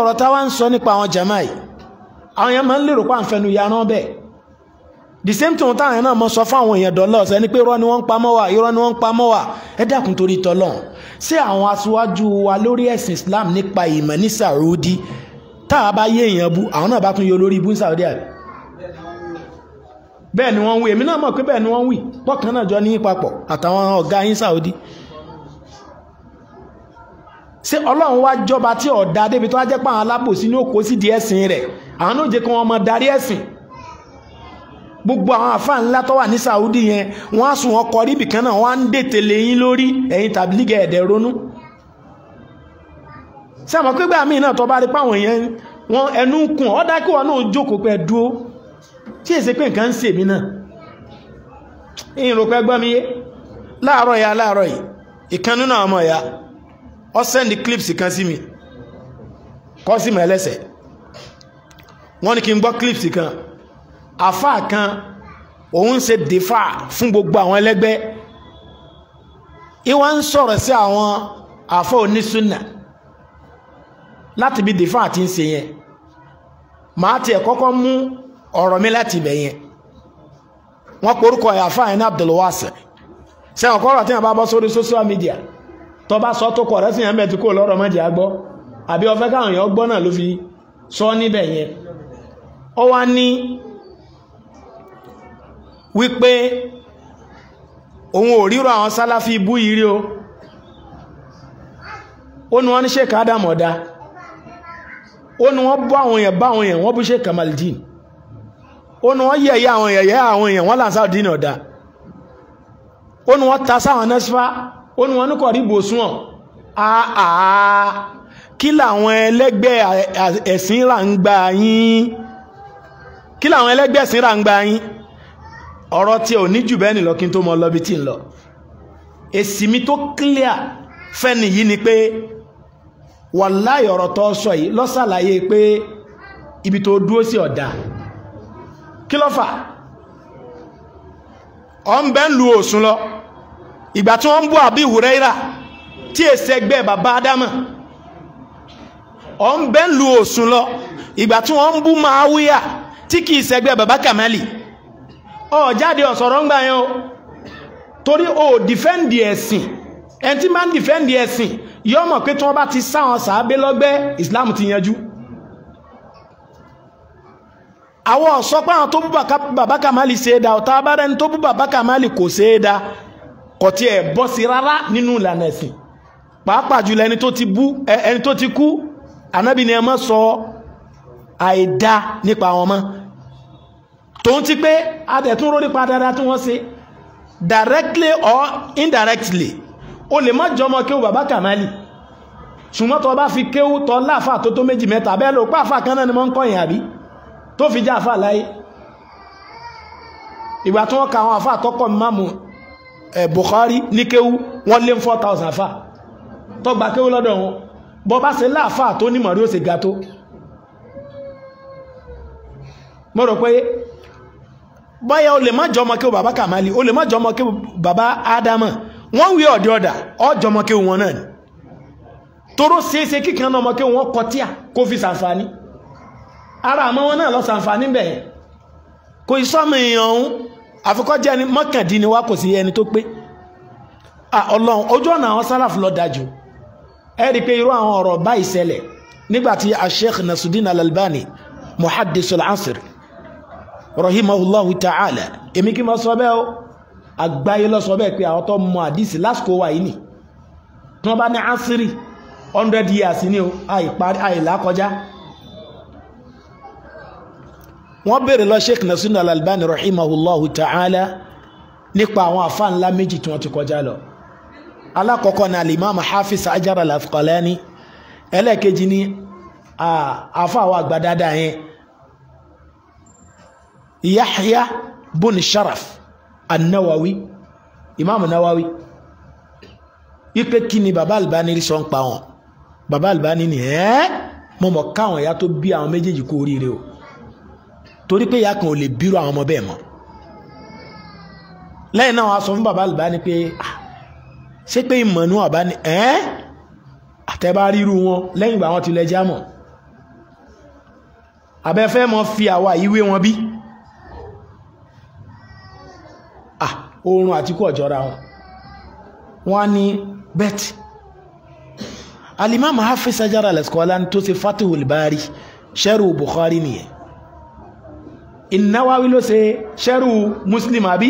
ọ̀rọ̀ the same thing táwọn èèyàn náà mọ sọ fún àwọn èèyàn dọ́lọ́ ṣe ni pé irọ́ ni wọ́n ń pamọ́ wà irọ́ ni wọ́n ń pamọ́ wà ẹ dákun torí tọ́lọ́run ṣé àwọn aṣáájú wa lórí ẹ̀sìn Islam nípa ìmọ̀ ní Saudi tá a bá yé èèyàn bú àwọn náà bá tún yọ lórí ibú ní Saudi àbí bẹ́ẹ̀ ni wọ́n wí èmi náà mọ̀ pé bẹ́ẹ̀ ni wọ́n wí pọ̀kan náà jọ ní papọ̀ àtàwọn ọ̀gá yín Saudi ṣé ọlọ́run wá jọba tí ọ̀dà débi tó wá jẹ́ pé àwọn alábòsí ní òkó sídìí ẹ̀sìn rẹ̀ àwọn náà jẹ́ kí wọ́n mọ darí ẹ̀sìn gbogbo àwọn àfà ńlá tó wà ní Saudi yẹn wọn á sùn wọn kọrí ibìkan náà wọ́n á ń dètè lẹ́yìn lórí ẹ̀yìn tàbí lígẹ̀ ẹ̀dẹ̀ ronú pígbà míì náà tó rí páwọn èèyàn wọn ẹnu ń kùn kí wọn náà jókòó pẹ dúó tí èsì pé nǹkan ń mí náà yé ya yìí kan sí mi kọ́ sí mi ẹlẹ́sẹ̀ wọ́n kan àfà kan òun ṣe dèfà fún gbogbo àwọn ẹlẹ́gbẹ́ ìwọ́n ń sọ̀rọ̀ sí àwọn àfà onísùnà láti bí dèfà àti ń ṣe yẹn màá tiẹ̀ kọ́kọ́ mú ọ̀rọ̀ mi láti ibẹ̀ yẹn wọ́n porúkọ àfà yẹn ní Abdulwasi sẹ́wọ̀n kọ́rọ̀ tí wọ́n bá bọ́ sórí social media tó bá sọ tó kọ̀ rẹ́ sí yẹn bẹ̀ tí kò lọ́rọ̀ mọ́jà gbọ́ àbí ó fẹ́ káwọn èèyàn gbọ́ náà ló fi sọ níbẹ̀ yẹn ó wá ní wípé òun ò ríro àwọn sálàfí ibú ìrí o ó ní wọ́n ní ṣèkà ádámọ̀dá ó ní wọ́n bú àwọn èèyàn bá àwọn èèyàn wọ́n bú ṣèkà maldin ó ní wọ́n yẹ̀yẹ́ àwọn èèyàn yẹ́ àwọn èèyàn wọ́n làǹsá òdínà ọ̀dá ó ní wọ́n ta sáwọn nẹ́sífà ó ní wọ́n ní kọ̀ rí bòsùn kí làwọn ẹlẹ́gbẹ́ ẹ̀sìn rà ń gbà yín ọ̀rọ̀ tí ò ní jù bẹ́ẹ̀ nìlọ kí n tó mọ lọ́bi tí ń lọ èsì mi tó clear fẹ́ni yìí ni pé wàláì ọ̀rọ̀ tó sọ yìí ló ṣàlàyé pé ibi tó dúró sí ọ̀dà kí ló fà ọ̀ ń bẹ́ ń lu òsùn lọ ìgbà tí wọ́n ń bú àbí ìwúrẹ́ra tí èsì ẹgbẹ́ bàbá ádámà ọ̀ ń bẹ́ ń lu òsùn lọ ìgbà tí wọ́n ń bú máa wíyà tí kì í ṣẹgbẹ́ bàbá kàmálì ọ jáde ọ̀sọ̀rọ̀ ń gbà yẹn o torí o dìfẹ́ǹdì ẹ̀sìn ẹni tí máa ń dìfẹ́ǹdì ẹ̀sìn yọ mọ̀ pé tí wọ́n bá ti sáwọn sàábé lọ́gbẹ́ Islam ti yanjú àwọn ọ̀sọ́ pé àwọn tó bú bàbá Kàmálì ṣe é da ọ̀tá abára ẹni tó bú bàbá Kàmálì kò ṣe é da kò tiẹ̀ bọ́ sí rárá nínú ìlànà ẹ̀sìn pàápàá jùlọ ẹni tó ti bú ẹni tó ti kú ànábì ni ẹ má sọ àìdá nípa wọn mọ́ tó ń ti pé adẹ̀tún ró nípa dáadáa tí wọ́n ṣe directly or indirectly o lè má jọmọ kéwù bàbá kàmálì ṣùgbọ́n tó bá fi kéwù tọ́ láàfà tó tó méjì mẹ́ta bẹ́ẹ̀ ló pa àfà kan náà ni wọ́n ń kọ́yìn àbí tó fi jẹ́ àfà láyé ìgbà tí wọ́n ka àwọn àfà tọ́kọ̀ mímú eh, Bukhari ní kéwù wọ́n lé 4000 àfà tó gba kéwù lọ́dọ̀ wọn bọ́ bá ṣe láàfà tó nímọ̀ rí ó ṣe ga tó mo rò pé bọ́yá o lè má jọmọ kí o bàbá kàmáli o lè má jọmọ kí o bàbá ádámà wọ́n wí ọ̀dẹ́ ọ̀dà ọjọmọ kí wọn náà ni toró ṣeéṣe kíkan náà ọmọ kí wọn kọtíà kó fi ṣàǹfààní ara àmọ́ wọn náà lọ ṣàǹfààní bẹ̀yẹ kò ìsọmọ èèyàn ọ̀hún àfikọ́jẹ́ ẹni mọ́kàndínníwá kò sí ẹni tó pé ọlọ́run ojú ọ̀nà àwọn sálàfù ló dájú ẹ rí i pé irú àwọn ọ̀rọ̀ báyìí ṣẹlẹ̀ nígbàtí Sheikh Nasruddin Al-Albani muhaddisul asir rahimahullahu ta'ala èmi kí n máa sọ bẹ́ẹ̀ o àgbáyé lọ sọ bẹ́ẹ̀ pé àwọn tó mọ àdìsí lásìkò wà yìí nì tí wọ́n bá ní ásírì hundred years ni o àìlá kọjá wọ́n béèrè lọ sheikh nasun al-albani rahimahullahu ta'ala nípa àwọn àfa ńlá méjì tí wọ́n ti kọjá lọ alákọ̀ọ́kọ́ ni alimami hafiz hajar al-asqalani ẹlẹ́ẹ̀kejì ni àfa àwọn àgbà dáadáa yẹn Yahya bun Sharaf an-Nawawi Imam Nawawi ipe kí ni baba Albani sọ ń pa wọn baba Albani ni ẹ́ mo mọ̀ káwọn ìyá tó bí àwọn méjèèjì kú oríire o torí pé ìyá kan ò lè bírò àwọn ọmọ bẹ́ẹ̀ mọ́ lẹ́yìn náà wàá sọ fún baba Albani pé ah, ṣé pé ìmọ̀nú Albani ẹ́ àtẹ̀bá ríru wọn lẹ́yìn ìgbà wọn ti lẹ jámọ̀ abẹ́fẹ́ mọ́ fi àwa ìwé wọn bí. oorun àti kú ọ̀jọ́ra wọn wọ́n ní bet alimami hafiz sajara al-Asqalani tó ṣe fatihul bari ṣẹ́rù bukhari nìyẹn ìnáwáwí ló ṣe ṣẹ́rù muslim àbí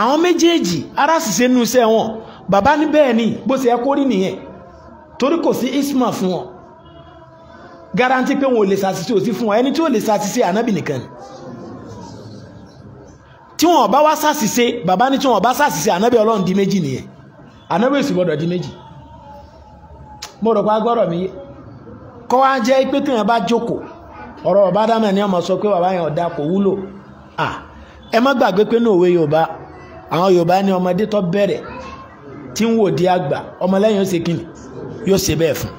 àwọn méjèèjì ara ṣiṣẹ́ nínú iṣẹ́ wọn bàbá ní bẹ́ẹ̀ ni bó ṣe ẹkọ́ nìyẹn torí kò sí isma fún wọn garanti pé wọn ò lè ṣàṣìṣe òsì fún wọn ẹni tí ò lè ṣàṣìṣe ànábì nìkan ni tí wọn bá wá ṣàṣìṣe bàbá ní tí wọn bá ṣàṣìṣe ànábì ọlọ́run di méjì nìyẹn ànábì èsì gbọ́dọ̀ di méjì mo rò pa gbọ́dọ̀ mi kọ́ wá jẹ́ pé tí wọn bá jókòó ọ̀rọ̀ bàbá dáná ni ọmọ sọ pé bàbá yẹn ọ̀dà kò wúlò à ẹ má gbàgbé pé ní òwe yorùbá àwọn yorùbá ní ọmọdé tó bẹ̀rẹ̀ tí ń wò di àgbà ọmọlẹ́yìn ó ṣe yóò ṣe bẹ́ẹ̀ fún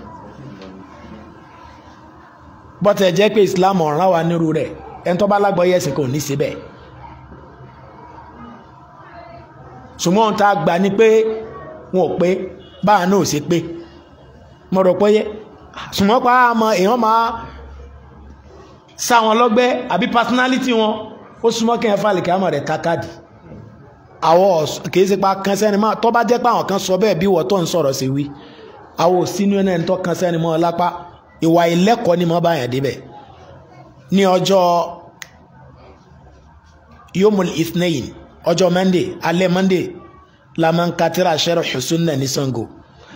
bọ́tẹ̀ jẹ́ pé islam ọ̀ràn wà nírú rẹ̀ ẹni tó bá lágbọ́ yẹ̀sìn kò ní í ṣe bẹ́ẹ̀ ṣùgbọ́n ohun tá a gbà ni pé wọn ò pé báwa náà ò pé mo rò pé pa á mọ èèyàn máa sá wọn lọ́gbẹ́ àbí personality wọn ó súnmọ́ kí n fàlẹ̀ kí a mọ̀ rẹ̀ ta káàdì àwọ̀ kìí ṣe pa kan sẹ́ni máa tọ́ bá jẹ́ pé àwọn kan sọ bẹ́ẹ̀ bí wọ́n tó ń sọ̀rọ̀ sí wí àwọ̀ sínú ẹni ẹni tó kan sẹ́ni mọ́ lápá ìwà ìlẹ́kọ̀ọ́ ni mo bá yàn débẹ̀ ní ọjọ́ yomul ithnayin ọjọ́ monday alẹ́ monday la máa ń ka tírà Sharh Sunnah ní Ṣàngó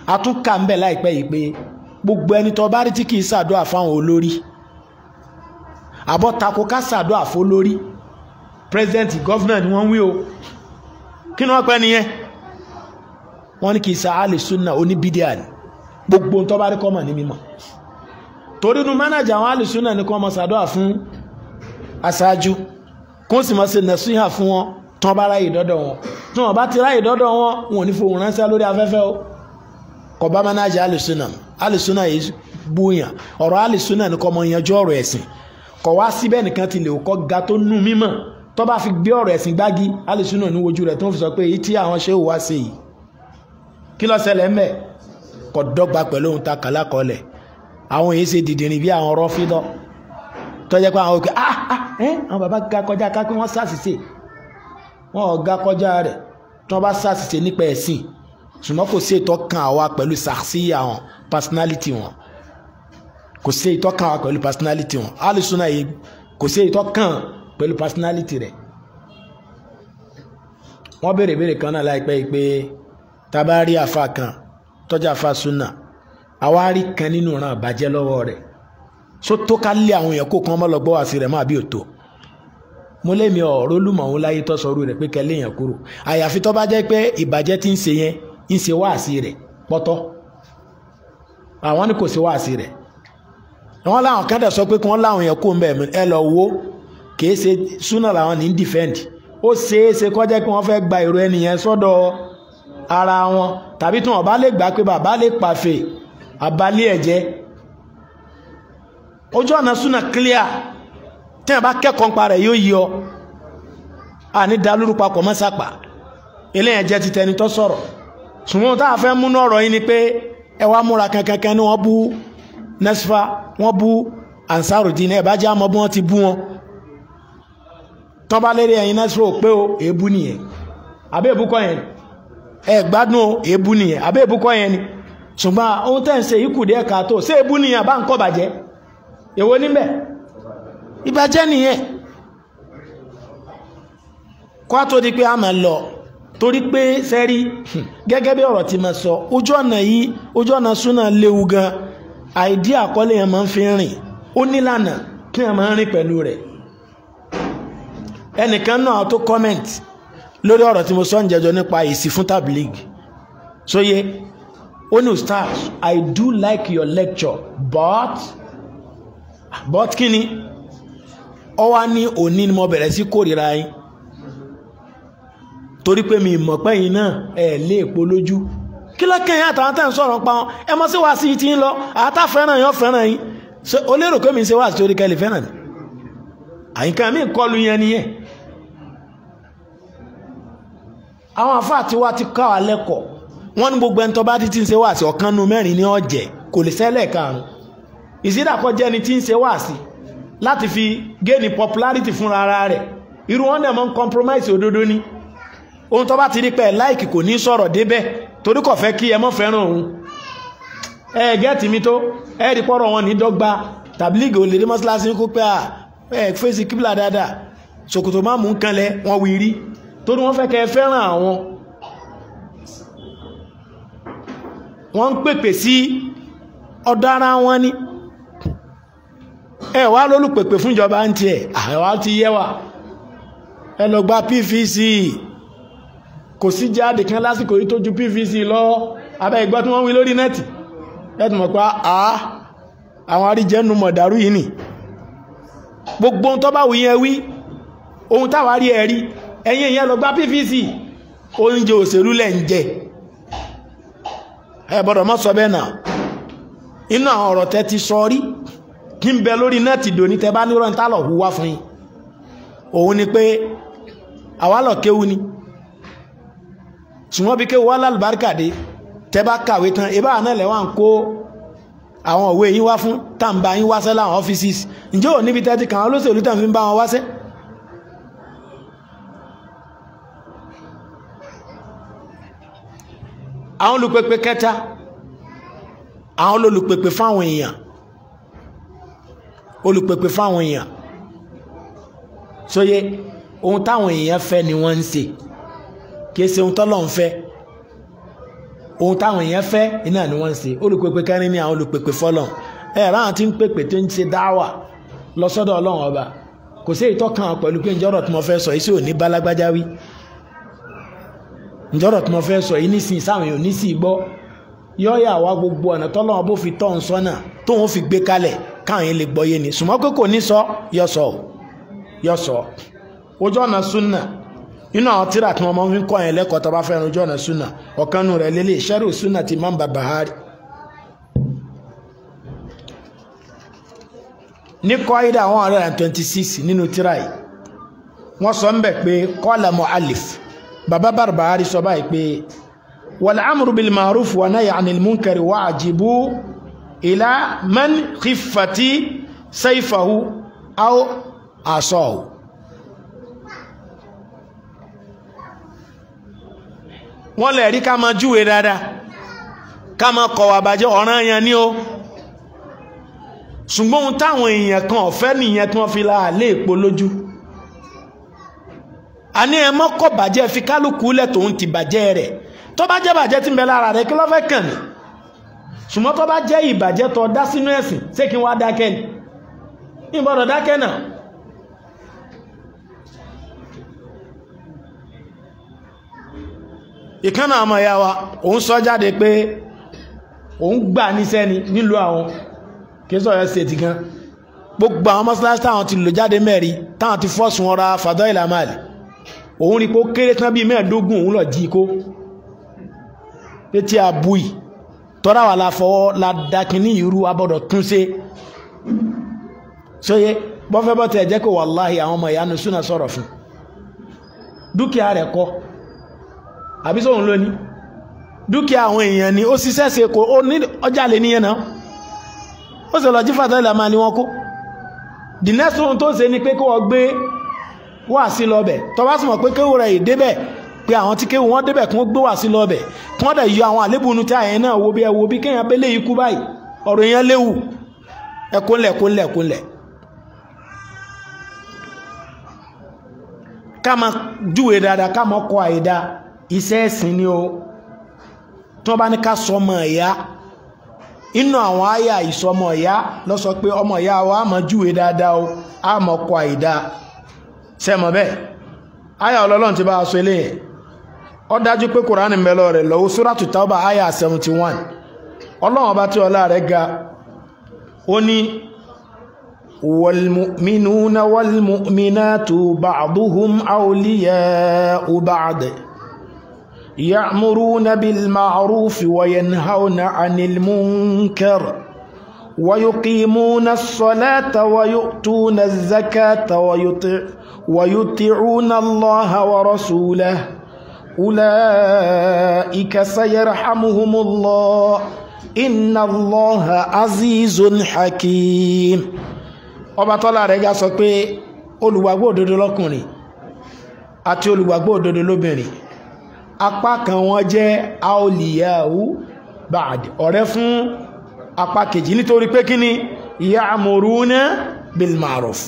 a tún kà ń bẹ̀ láìpẹ́ yìí pé gbogbo ẹni tó bá rí tí kì í ṣàdúrà fáwọn olórí àbọ̀ tako ká ṣàdúrà fún olórí president governor ni wọ́n ń wí o kí ni wọ́n pẹ́ nìyẹn wọ́n ní kì í ṣe àlè sunna oníbídíà ni gbogbo tó bá rí kọ́ mọ̀ ní mímọ́ torí nu mánájà àwọn àlè sunna ni kọ́ mọ̀ ṣàdúrà fún aṣáájú kó sì mọ̀ ṣe nàṣíhà fún wọn tán bá ráyè dọ́dọ̀ wọn tí wọn bá ti ráyè dọ́dọ̀ wọn wọn ò ní fohùn ránṣẹ́ lórí afẹ́fẹ́ o kò bá mánájà alìsúnà alìsúnà yìí bóyá ọ̀rọ̀ alìsúnà ni kò mọ yanjú ọ̀rọ̀ ẹ̀sìn kò wá síbẹ̀ nìkan ti lè kọ́ ga tó nú mímọ̀ tó bá fi gbé ọ̀rọ̀ ẹ̀sìn gbági alìsúnà ní wojú rẹ̀ tó ń fi sọ pé èyí tí àwọn ṣe wá sí yìí kí ló ṣẹlẹ̀ ńbẹ̀ kò pé àwọn òkè ah ah ẹ́ àwọn bàbá ga kọjá ká pé wọ́n ṣàṣìṣe wọn ò ga kọjá rẹ̀ tí wọ́n bá ṣàṣìṣe nípa ẹ̀sìn ṣùgbọ́n kò sí ìtọ́kàn àwa pẹ̀lú ṣàṣìyà wọn personality wọn kò sí ìtọ́kàn àwa pẹ̀lú personality wọn alùsùnà yìí kò sí ìtọ́kàn pẹ̀lú personality rẹ̀ wọ́n béèrè béèrè kan náà láìpẹ́ yìí pé tá a bá rí àfa kan tọ́jà àfa sunna àwa rí kan nínú ìran àbàjẹ́ lọ́wọ́ rẹ̀ sótó ká lé àwọn èèyàn kó kan mọ́ lọ gbọ́ wá mọ́ àbí òtò mo lẹ́mi ọ̀rọ̀ olúmọ̀ọ́hún láyé tó sọ orú rẹ̀ pé yẹn kúrò àyàfi tó bá jẹ́ pé ìbàjẹ́ tí ń yẹn ń se wáàsí rẹ̀ pọ́tọ́ àwọn ni kò se wáàsí rẹ̀ wọn láwọn kan dẹ̀ pé kí wọ́n láwọn yẹn kó ń ẹ lọ wo kì í ṣe làwọn ní dìfẹ́ǹdì ó ṣe pé wọ́n fẹ́ gba èrò ẹnìyẹn sọ́dọ̀ ara wọn tàbí tí wọn bá lè gbà pé bàbá lè pàfẹ́ tí wọ́n bá kẹ́kọ̀ọ́ nípa rẹ̀ yóò yọ àní dalúrú papọ̀ mọ́ sápà eléyẹn jẹ́ ti tẹni tó sọ̀rọ̀ ṣùgbọ́n tá a fẹ́ múnú ọ̀rọ̀ yìí ni pé ẹ wá múra kankankan ni wọ́n bú nẹ́sífà wọ́n bú ansarudin ẹ̀ bá jẹ́ àmọ́ bí wọ́n ti bú wọn tán bá lérí ẹ̀yin nẹ́sífà ò pé o èébú nìyẹn àbẹ́ èbúkọ yẹn ẹ gbádùn o èébú nìyẹn àbẹ́ èbúkọ yẹn ni ṣùgbọ́n ohun tẹ̀ ń ṣe yìí kù díẹ̀ káàtó ṣé èébú nìyẹn bá ń kọ́ bàjẹ́ èwo níbẹ̀ ìbàjẹ́ nìyẹn kó tó di pé a máa lọ torí pé sẹ́rí gẹ́gẹ́ bí ọ̀rọ̀ tí mo sọ ojú ọ̀nà yìí ojú ọ̀nà súnà léwu gan àìdí àkọlé yẹn máa ń fi rìn ó nílànà kí yẹn máa ń rìn pẹ̀lú rẹ̀ ẹnìkan náà tó comment lórí ọ̀rọ̀ tí mo sọ ń jẹjọ nípa èsì fún tablig sóye ó ní ustaz I do like your lecture but but kí ni. ọ wá ní òní ni mo bẹ̀rẹ̀ sí kórìíra yín torí pé mi mọ̀ pé yín náà ẹ̀ lé èpo lójú kí lọ́kàn yín àtàwọn tẹ̀ ń sọ̀rọ̀ pa wọn ẹ mọ̀ sí wá sí ti ń lọ àtà fẹ́ràn yín fẹ́ràn yín o lérò pé mi ṣe wá sí orí kẹlẹ̀ fẹ́ràn ni àyíká mi kọlu yẹn nìyẹn àwọn àfáà tí wá ti kọ́ wa lẹ́kọ̀ọ́ wọ́n ní gbogbo ẹni tó bá ti ti ń ṣe wá sí ọ̀kan nu mẹ́rin ní ọ̀jẹ̀ kò lè ṣẹlẹ̀ karùn-ún ìsídàkọ́jẹ́ni ti ń ṣe wá sí i láti fi gẹ́ẹ̀nì popularity fúnra ara rẹ̀ irú wọn náà mọ́ ń compromise òdodo ni ohun tó bá ti rí pẹ́ láìkì kò ní sọ̀rọ̀ débẹ̀ torí kò fẹ́ kí ẹ mọ́ fẹ́ràn òun ẹ gẹ́ẹ̀tì mi tó ẹ rí pọ́rọ̀ wọn ní dọ́gba tàbílígì olè dé mọ́sálásí kó pé à ẹ fèsì kíbla dáadáa ṣòkòtò má mú kanlẹ̀ wọn wí rí torí wọ́n fẹ́ kẹ́ ẹ fẹ́ràn àwọn wọ́n ń pèpè sí ọ̀daràn wọn ni ẹ wá lólùpèpè fúnjọba ń tiẹ̀ àwa ti yẹ wa ẹ lọ gba PVC kò sí jáde kan lásìkò yìí tó PVC lọ abẹ́ tí wọ́n wí lórí nẹ́ẹ̀tì ẹ tún mọ̀ pé a àwọn àríjẹ́nu mọ̀dàrú yìí nì gbogbo ohun tó bá wù yẹn wí ohun táwa rí ẹ rí ẹ̀yin ìyẹn lọ gba PVC oúnjẹ òṣèlú lẹ̀ ń jẹ ẹ gbọ́dọ̀ mọ́ sọ bẹ́ẹ̀ náà inú àwọn ọ̀rọ̀ tẹ́ ti sọ rí tí ń bẹ lórí náà ti dòní tẹ bá nírọ̀ ní tálọ̀ hùwà fún yín òun ni pé àwa lọ kéwu ni ṣùgbọ́n bí kéwu wá lálùbáríkà dé tẹ bá kàwé tán ebá àná lẹ́wà ń kó àwọn òwe yín wá fún tàǹbà yín wáṣẹ́ láwọn ọ́fíìsìs ǹjẹ́ ò níbi tẹ́tí kàn olóṣèlú tàn fi ń bá wọn wáṣẹ́ àwọn olùpèpè kẹta àwọn olùpèpè fáwọn èèyàn olùpèpè fáwọn èèyàn sóye ohun táwọn èèyàn fẹ́ ni wọ́n ń ṣe kìí ṣe ohun tọ́lọ́run fẹ́ ohun táwọn èèyàn fẹ́ iná ni wọ́n ń ṣe olùpèpè kẹrin ni àwọn olùpèpè fọlọ́n ẹ ẹ ráhùn tí ń pèpè tó ń ṣe dáwà lọ sọ́dọ̀ ọlọ́run ọba kò sí èyí tó kàn án pẹ̀lú pé ǹjọ́rọ̀ tí mo fẹ́ sọ yìí sí òní bálágbájá wí ǹjọ́rọ̀ tí mo fẹ́ sọ yìí nísìnyí sáwọn èèyàn ní sí gbọ́ wa gbogbo ọ̀nà tọ́lọ́run bó fi tọ́ ń sọ́nà tóun fi gbé kalẹ̀ ka anyị lè gbọ́yé ni ṣùgbọ́n pé kò ní sọ yọ̀sọ̀ yọ̀sọ̀ ojú ọ̀nà súnà nínú àwọn tíra tí wọ́n máa ń kọ́ yẹn lẹ́kọ̀ọ́ tó bá ojú ọ̀nà súnà ọ̀kan nù rẹ̀ lélẹ̀ ṣẹ́rù súnà ti Imam Barbahari ní kọ́ídà one hundred and twenty six nínú tíra yìí wọ́n sọ ń bẹ̀ pé kọ́lá mu'allif bàbá sọ báyìí pé ìlà man kìfàtí saifahu aw asọ́ọ̀ wọ́n lè rí ká máa júwe dáadáa ká máa kọ̀wà bàjẹ́ ọ̀ràn yẹn ni ó ṣùgbọ́n ohun táwọn èèyàn kan ọ̀fẹ́ nìyẹn tí wọ́n fi la àlé èpo lójú a ní ẹ mọ́kọ̀ bàjẹ́ fi kálukú lẹ̀ tòun ti bàjẹ́ rẹ̀ tó bá jẹ́ bàjẹ́ tí ń bẹ lára rẹ̀ kí ló kàn ní ṣùgbọ́n tó bá jẹ́ ìbàjẹ́ tó dá sínú ẹ̀sìn ṣé kí wá dákẹ́ ni ìbọ̀dọ̀ dákẹ́ náà ìkánà àmọ̀ ìyá wa òun sọ jáde pé òun gbà níṣẹ́ ni nílùú àwọn kìí sọ̀rọ̀ ṣètì gan gbogbo àwọn mọ́sálásí táwọn ti lò jáde mẹ́rin táwọn ti fọ́sùn ọra fàdọ́ ìlàmàlì òun rí pé ó kéré tán bíi mẹ́ẹ̀ẹ́dógún òun lọ jí kó létí àbúyì tọ́ra wà la fọwọ́ la dakinní irú abọ́dọ̀ tún ṣe sóye bọ́fẹ́ jẹ́ wàláhì àwọn ọmọ ìyanu súnà sọ̀rọ̀ fún dúkìá rẹ̀ kọ́ àbí sóhun lónìí dúkìá àwọn èèyàn ni ó ṣiṣẹ́ ṣe ó ní ọjà lè níyẹn náà ó sì lọ jí ìlà máa ní wọn the next one tó ṣe ni pé kó wọ́n pé àwọn tí kéwù wọn débẹ̀ kí wọ́n gbé wá sí lọ́bẹ̀ kí wọ́n dẹ̀ yọ àwọn àlébù nu tí àyẹn náà wo bí ẹ wo bí kéèyàn abẹ́lé ikú báyìí ọ̀rọ̀ yẹn léwu ẹ̀kúnlẹ̀ ẹ̀kúnlẹ̀ ẹ̀kúnlẹ̀ ká máa júwe dáadáa ká máa kọ àìda iṣẹ́ ẹ̀sìn ni o tí wọ́n bá ní ká sọ ọmọ ẹ̀yà inú àwọn àyà ìsọmọ ẹ̀yà lọ sọ pé ọmọ ẹ̀yà wa á máa júwe dáadáa o á máa kọ àìda sẹ́mọ̀ bẹ́ẹ̀ àyà ọlọ́lọ́run ti bá a sọ eléyìí ó dájú pé kùránì mẹ́lọ rẹ̀ lọ́wọ́ sóràtù Tawbah àyà 71 ọlọ́run ọba tí ọlá rẹ̀ ga ó ní wal-mu'minuna wal-mu'minatu ba'duhum awliya'u ba'd ya'muruna bil-ma'rufi wa yanhawna 'anil munkar ويقيمون الصلاة ويؤتون الزكاة ويطيعون الله ورسوله أولئك سيرحمهم الله إن الله عزيز حكيم ọba tọ́lá rẹ̀ ga sọ pé olùgbàgbọ́ òdodo lọ́kùnrin àti olùgbàgbọ́ òdodo lóbìnrin apá kan wọn jẹ́ aoliyahu bad ọ̀rẹ́ fún apá kejì nítorí pé kí ni ya'muruna bil ma'ruf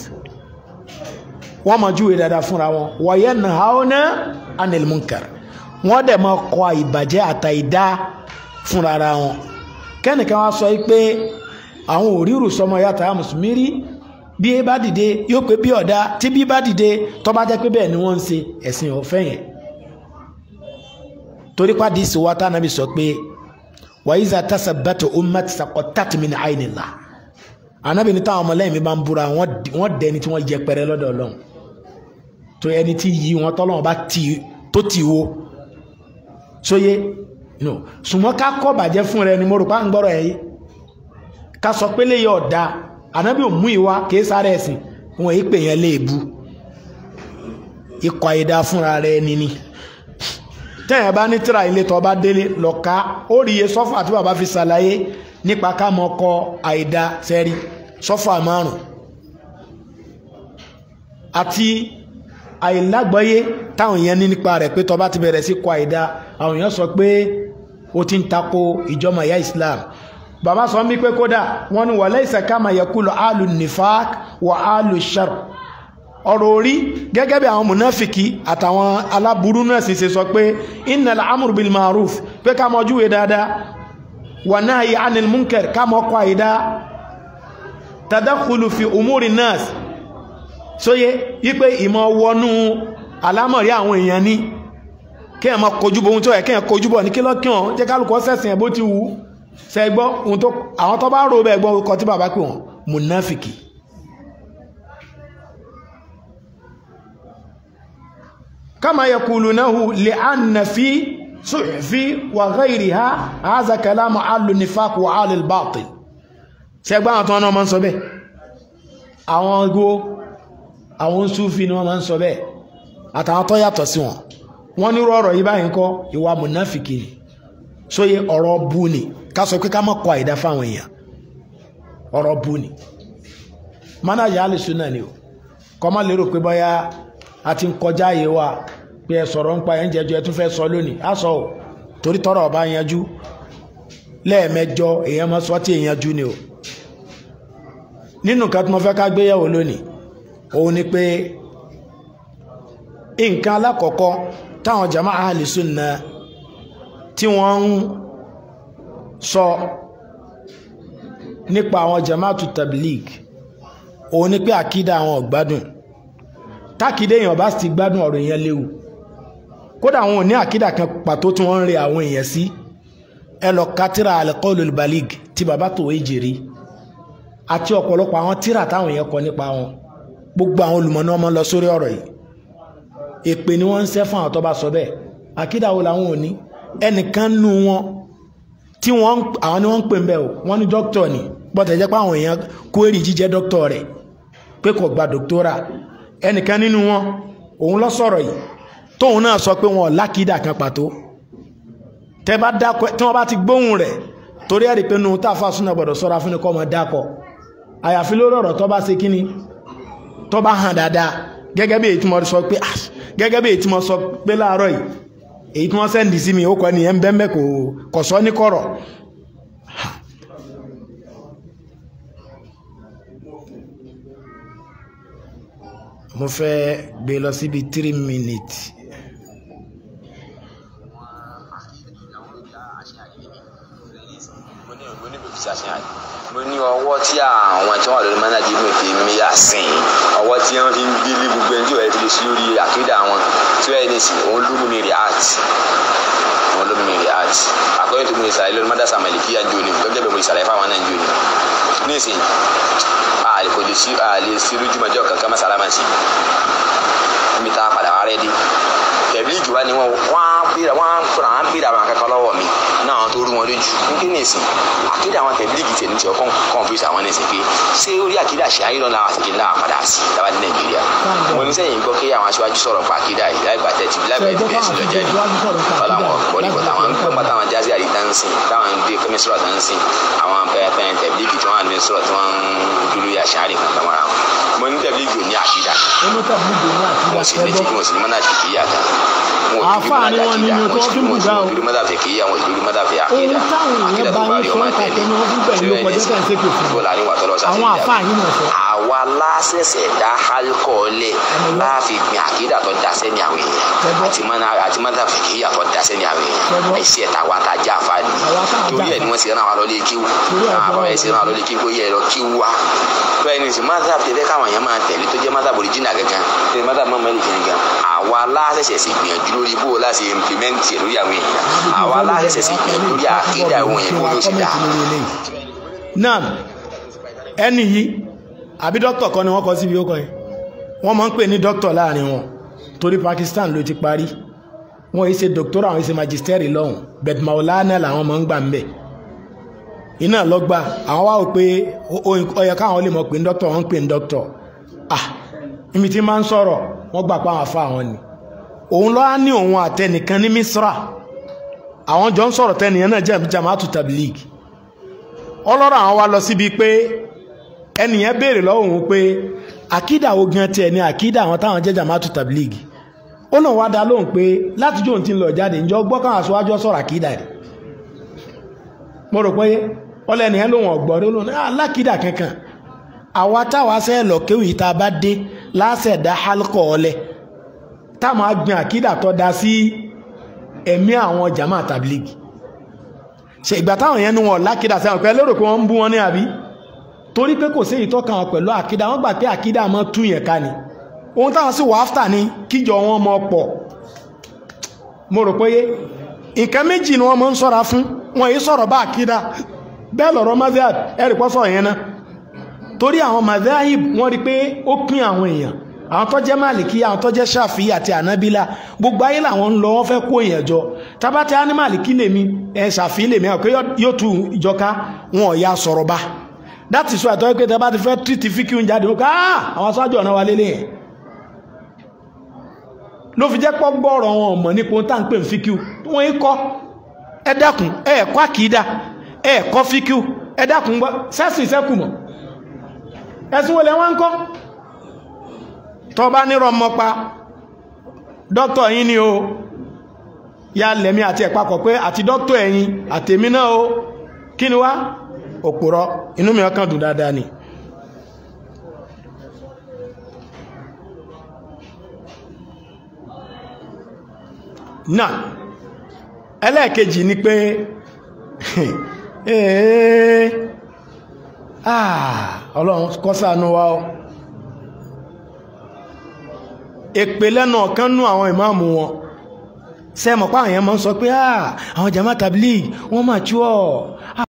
wọ́n máa júwe dáadáa fúnra wọn wa yanhauna anil munkar wọ́n dẹ̀ mọ kọ ìbàjẹ́ àtà ìdá fúnra wọn kẹ́nìkan wá sọ pé àwọn ò rírù sọmọ yàtà mùsùlùmí rí bí e bá dìde yóò pé bí ọ̀dá tí bí bá dìde tó bá jẹ́ pé bẹ́ẹ̀ ni wọ́n ń ṣe ẹ̀sìn ọ̀fẹ́ yẹn torí pàdé ìsìnwá tánàbí sọ pé wàyíza tásà bàtà ummati sàkọ tàtìmí ní àìníla anábì ní táwọn ọmọlẹ́yìn mi bá ń búra wọ́n dẹni tí wọ́n yẹpẹrẹ lọ́dọ̀ ọlọ́run tó ẹni tí yí wọn tọ́lọ́wọ́n bá tó ti wo sóyé no ṣùgbọ́n ká kọ́ bàjẹ́ fún rẹ ni mo rò pa ń gbọ́rọ̀ ẹ̀ yìí ká sọ pé léyìí ọ̀dà ànábì ò mú ìwà kì í sáré ẹ̀sìn wọn yìí pè yẹn léèbù ikọ̀ ẹ̀dá fúnra rẹ ni ni tẹ́yìn bá ní tíra ilé tó bá délé lọ́ka ó rí iye sọ́fà àti bàbá fi ṣàlàyé nípa ká mọ kọ àìdá sẹ́rí sọ́fà márùn-ún àti àìlágbọ́yé táwọn èèyàn ní nípa rẹ̀ pé tó bá ti bẹ̀rẹ̀ sí kọ àìda àwọn èèyàn sọ pé ó ti ń tako ìjọmọ̀ ìyá Islam bàbá sọ mí pé kódà wọn ni wàlẹ́ ìsàkámà yakulu alu nifak wa alu shar ọ̀rọ̀ orí gẹ́gẹ́ bí àwọn mùnáfìkì àtàwọn aláburú náà sì ṣe sọ pé innal amru bil maruf pé ká mọ júwe dáadáa wà náà yìí anil munkar ká mọ kọ àìda tadakhulu fi umuri nas sóyé wípé ìmọ̀ wọnú alámọ̀rí àwọn èèyàn ní kí ẹ̀mọ̀ kojúbọ ohun tó ẹ̀ kí ẹ̀ kojúbọ̀ ní kí lọ́kàn jẹ́ kálùkọ́ sẹ̀sìn ẹ̀bó ti wù sẹ́gbọ́ ohun tó àwọn tó bá rò bẹ́ẹ̀ kama yakulunahu li anna fi suhfi wa wa alil batil sẹ́gbọ́ àwọn tó wọn náà máa ń sọ bẹ́ẹ̀ àwọn sufi ni wọ́n máa ń sọ bẹ́ẹ̀ àtàwọn tó yàtọ̀ sí wọn wọ́n ní rọ̀rọ̀ yìí báyìí kọ́ ìwà mùnáfìkì ni sóye ọ̀rọ̀ bu ni ká sọ pé ká má kọ àìdá fáwọn èèyàn ọ̀rọ̀ bu ni mánájà alìsúnà ni o kọ́ má lérò pé bọ́yá a ti ń kọjá àyè wa pé ẹ sọ̀rọ̀ ń pa ẹ̀ ń jẹjọ ẹ tún fẹ́ sọ lónìí á sọ ò torí tọrọ ọba yanjú lẹ́ẹ̀mẹjọ èèyàn máa sọ tí èèyàn ni o nínú kan tí mo fẹ́ ká gbéyàwó lónìí òun ni pé nǹkan alákọ̀ọ́kọ́ táwọn jama ahli sunna tí wọ́n ń sọ nípa àwọn jamaatu tablig òun ni pé àkídà àwọn ọ̀gbádùn tákìdé èèyàn bá sì ti gbádùn ọ̀rọ̀ èèyàn léwu kódà àwọn ò ní àkídà kan pàtó tí wọ́n ń re àwọn èèyàn sí ẹ lọ ka tíra al Balig ti bàbá tòwe jèrè àti ọ̀pọ̀lọpọ̀ àwọn tíra táwọn èèyàn kọ nípa wọn gbogbo àwọn olùmọ̀nà ọmọ lọ sórí ọ̀rọ̀ yìí èpè ni wọ́n ń ṣẹ́ fún àwọn tó bá sọ bẹ́ẹ̀ àkídàwó làwọn ò ní ẹnìkan nu wọn tí àwọn ni wọ́n ń pè ń bẹ́ẹ̀ o wọ́n ní dókítọ̀ ni bọ́tẹ̀ jẹ́ pé àwọn èèyàn kúérì jíjẹ́ dókítọ̀ rẹ̀ pé kò gba dókítọ́rà ẹnìkan nínú wọn òun lọ sọ̀rọ̀ yìí tóun náà sọ pé wọn ò lákìdá kan pàtó tẹ bá dákọ tí wọn bá ti gbóhùn rẹ̀ torí ẹ̀rí pé nu táfà súnà gbọ́dọ̀ sọ́ra fún ni kọ́ ọmọ dákọ̀ àyàfi lórí ọ̀rọ̀ tó bá ṣe kíni tó bá hàn dáadáa gẹ́gẹ́ bí sọ pé ah, gẹ́gẹ́ bí èyí sọ pé láàárọ̀ yìí èyí tí wọ́n sẹ́ndì mi ó kọ́ nìyẹn bẹ́ẹ̀ kò sọ ní kọ̀rọ̀ mo fẹ́ gbé ó ní ọwọ́ tí àwọn tí wà lórí mọ́nàdí ìbùn fi mí àsìn ọwọ́ tí wọ́n fi ń gbélé gbogbo ẹni tí wọ́n ti lè sí lórí àkédà wọn tí wọ́n ní sí lómi ní react òun lómi ní react àkọ́yé tó mi ìsàlẹ̀ lórí mọ́dásà màlìkí àjò ni gẹ́gẹ́ bí mo ìsàlẹ̀ fáwọn náà jò ni nísìnyí àlè kò lè sí àlè sí lójú mọ́jọ́ kankan mọ́sálàmásì níbi tá padà wá rẹ́ tẹ̀bílì jù wá ni wọ́n wá bèrè wọn á kóra wọn á bèrè àwọn akẹ́kọ̀ọ́ lọ́wọ́ mi náà àwọn tó rú wọn lójú nígbè nìsín àkídà àwọn tẹ̀blígì tẹ̀ níṣẹ́ ọkàn kọ̀ǹfìsì àwọn ẹ̀sìn pé ṣé orí àkídà ṣe ayé lọ́nà àwọn àtìkè náà padà sí ìjọba ní nàìjíríà mo ní sẹ́yìn gbọ́ kí àwọn aṣáájú sọ̀rọ̀ pa àkídà ìdáìgbà tẹ̀tì lábẹ́ ìbẹ̀sì lọ́jà yìí ọ̀làwọ̀n ọ̀pọ̀ nípa táwọn ń pẹ́ pátá àwọn jáde àdìtá ń sìn táwọn ń gbé kẹ́mísọ̀rọ̀ tó ń sìn àwọn pẹ́ẹ́pẹ́ẹ́ tẹ̀blígì tí wọ́n á ní sọ̀rọ̀ tí wọ́n ń dúró yà ṣáà nìkan tó mọ́ra wọn mo ní tẹ̀blígì ò ní àkídà mo sì lè jí mo sì ní mọ́nà àti ìyá kan mo ò ní mọ́nà àti nínú tó fi mú gbà o. àwọn ìṣòro mọ́tàfi kì í àwọn ìṣòro mọ́tàfi àkídà àkídà tó bá rí ọmọ tẹ̀lé síbẹ̀ ní sí bọ́lá ní wàtọ́lọ́ sàtìjà àwa lásẹ̀sẹ̀ dá hálkọ́ lẹ̀ láàfin gbin àkídà tó dasẹ́ ní àwọn èèyàn àti mọ́tàfi kì í àtọ́ dasẹ́ ní àwọn èèyàn ẹ̀sì ẹ̀ta wa ta já fa ni torí ẹ̀ ni wọ́n ti rán wa lọ lé kíw àwọn ẹ̀ sì rán wa lọ lé kíw bóyá ẹ̀ lọ kíw wa tó ẹni sì mọ́tàfi tẹ̀lé káwọn èèyàn máa tẹ̀lé tó jẹ́ mọ́tàfi oríjìnà gẹ́gẹ́ tẹ̀lé mọ́tàfi mọ́mọ́ ẹ̀ nìkan àwa lásẹ̀sẹ̀ sì gbìyànjú lórí bó o láti ìmplimẹ́ǹtì ẹ̀ lórí àwọn èèyàn àwa aláṣẹ sí lórí àkéde àwọn èèyàn ló ṣe dá. ẹni yìí àbí dókítà kan ni wọ́n kọ síbi ó kọ yìí wọ́n máa ń pè ní dókítà láàrin wọn torí Pakistan ló ti parí wọn yìí ṣe doctoral àwọn yìí ṣe magisteri lọ́hùn bẹ́ẹ̀ maulana làwọn máa ń gbà ń bẹ̀ iná lọ́gbà àwọn wá wò pé ó yẹ káwọn lè mọ̀ pé ń dókítà wọn ń pè ń dókítà ah ibi tí máa ń sọ̀rọ̀ wọ́n gbà pa àwọn afá àwọn ni òun lọ́wọ́ ní òun àtẹnìkan ní Misra àwọn jọ ń sọ̀rọ̀ tẹnìyàn náà jẹ́ Jama'atu ọlọ́rọ̀ àwọn wa lọ síbi pé ẹnìyàn béèrè lọ́wọ́ òun pé àkídà ogun gan tiẹ̀ ni àkídà àwọn táwọn jẹ́ Jama'atu Tabligh ó náà wá dá lóhùn pé láti jóun ti ń lọ jáde ǹjọ́ gbọ́ káwọn sọ̀rọ̀ àkídà rẹ̀ mo rò pé rẹ̀ lóhùn alákídà kankan àwa táwọn agbìn àkídà tó da sí ẹ̀mí àwọn jama tablighi ṣe ìgbà táwọn yẹn nu wọn lákídà sẹ́wọ̀n pẹ́ lérò pé wọ́n ń bú wọn ní àbí torí pé kò sí ìtọ́ka wọn pẹ̀lú àkídà wọ́n gbà pé àkídà mọ́ tú yẹn ká ni ohun táwọn sì wà áfítà ni kíjọ wọn mọ pọ̀ mo rò péye nǹkan méjì ni wọ́n mọ́ ń sọ́ra fún wọn yìí sọ̀rọ̀ bá àkídà bẹ́ẹ̀ lọ̀rọ̀ mazhab ẹ̀rì pọ́ sọ̀rọ̀ yẹn náà torí àwọn mazhab wọ́n rí pé ó pín àwọn èèyàn àwọn tó jẹ́ màlìkí àwọn tó jẹ́ ṣàfi àti ànábílà gbogbo ayé làwọn ń lọ wọ́n fẹ́ kó èèyàn jọ tábàtì á ní màlìkí lèmi ẹ ṣàfi lèmi àwọn pé yóò tu ìjọka wọn ò ya sọ̀rọ̀ bá that is why àtọ́ pé tẹ́ bá ti fẹ́ tìtì fíkì ń jáde ká àwọn aṣáájú ọ̀nà wa lélẹ̀ yẹn ló fi jẹ́ pọ́ gbọ́ọ̀rọ̀ wọn mọ̀ nípa ohun tá à ń pè ń fíkì wọn ń kọ́ ẹ dákun ẹ ẹ̀kọ́ àkìdá ẹ ẹ̀kọ́ fíkì ẹ dákun sẹ́sìn sẹ́kù ẹ̀sùn wọlé wọn ń kọ́ tó bá nírọ̀ mọ́pa dọ́tọ̀ o ya lẹ̀mí àti ẹ̀pàkọ̀ pé àti dọ́tọ̀ ẹ̀yin àtèmi náà o kí ni wá òpòrọ inú mi ọkàn dùn dáadáa ni náà ẹlẹ́ẹ̀kejì ni pé <laughs> eh, ah, ọlọ́run wa o. èpè lẹ́nu ọ̀kan nú àwọn ìmáàmù wọn sẹ́mọ̀ pààyàn máa ń sọ pé ah, àwọn jama tabligh wọ́n mà tú ọ̀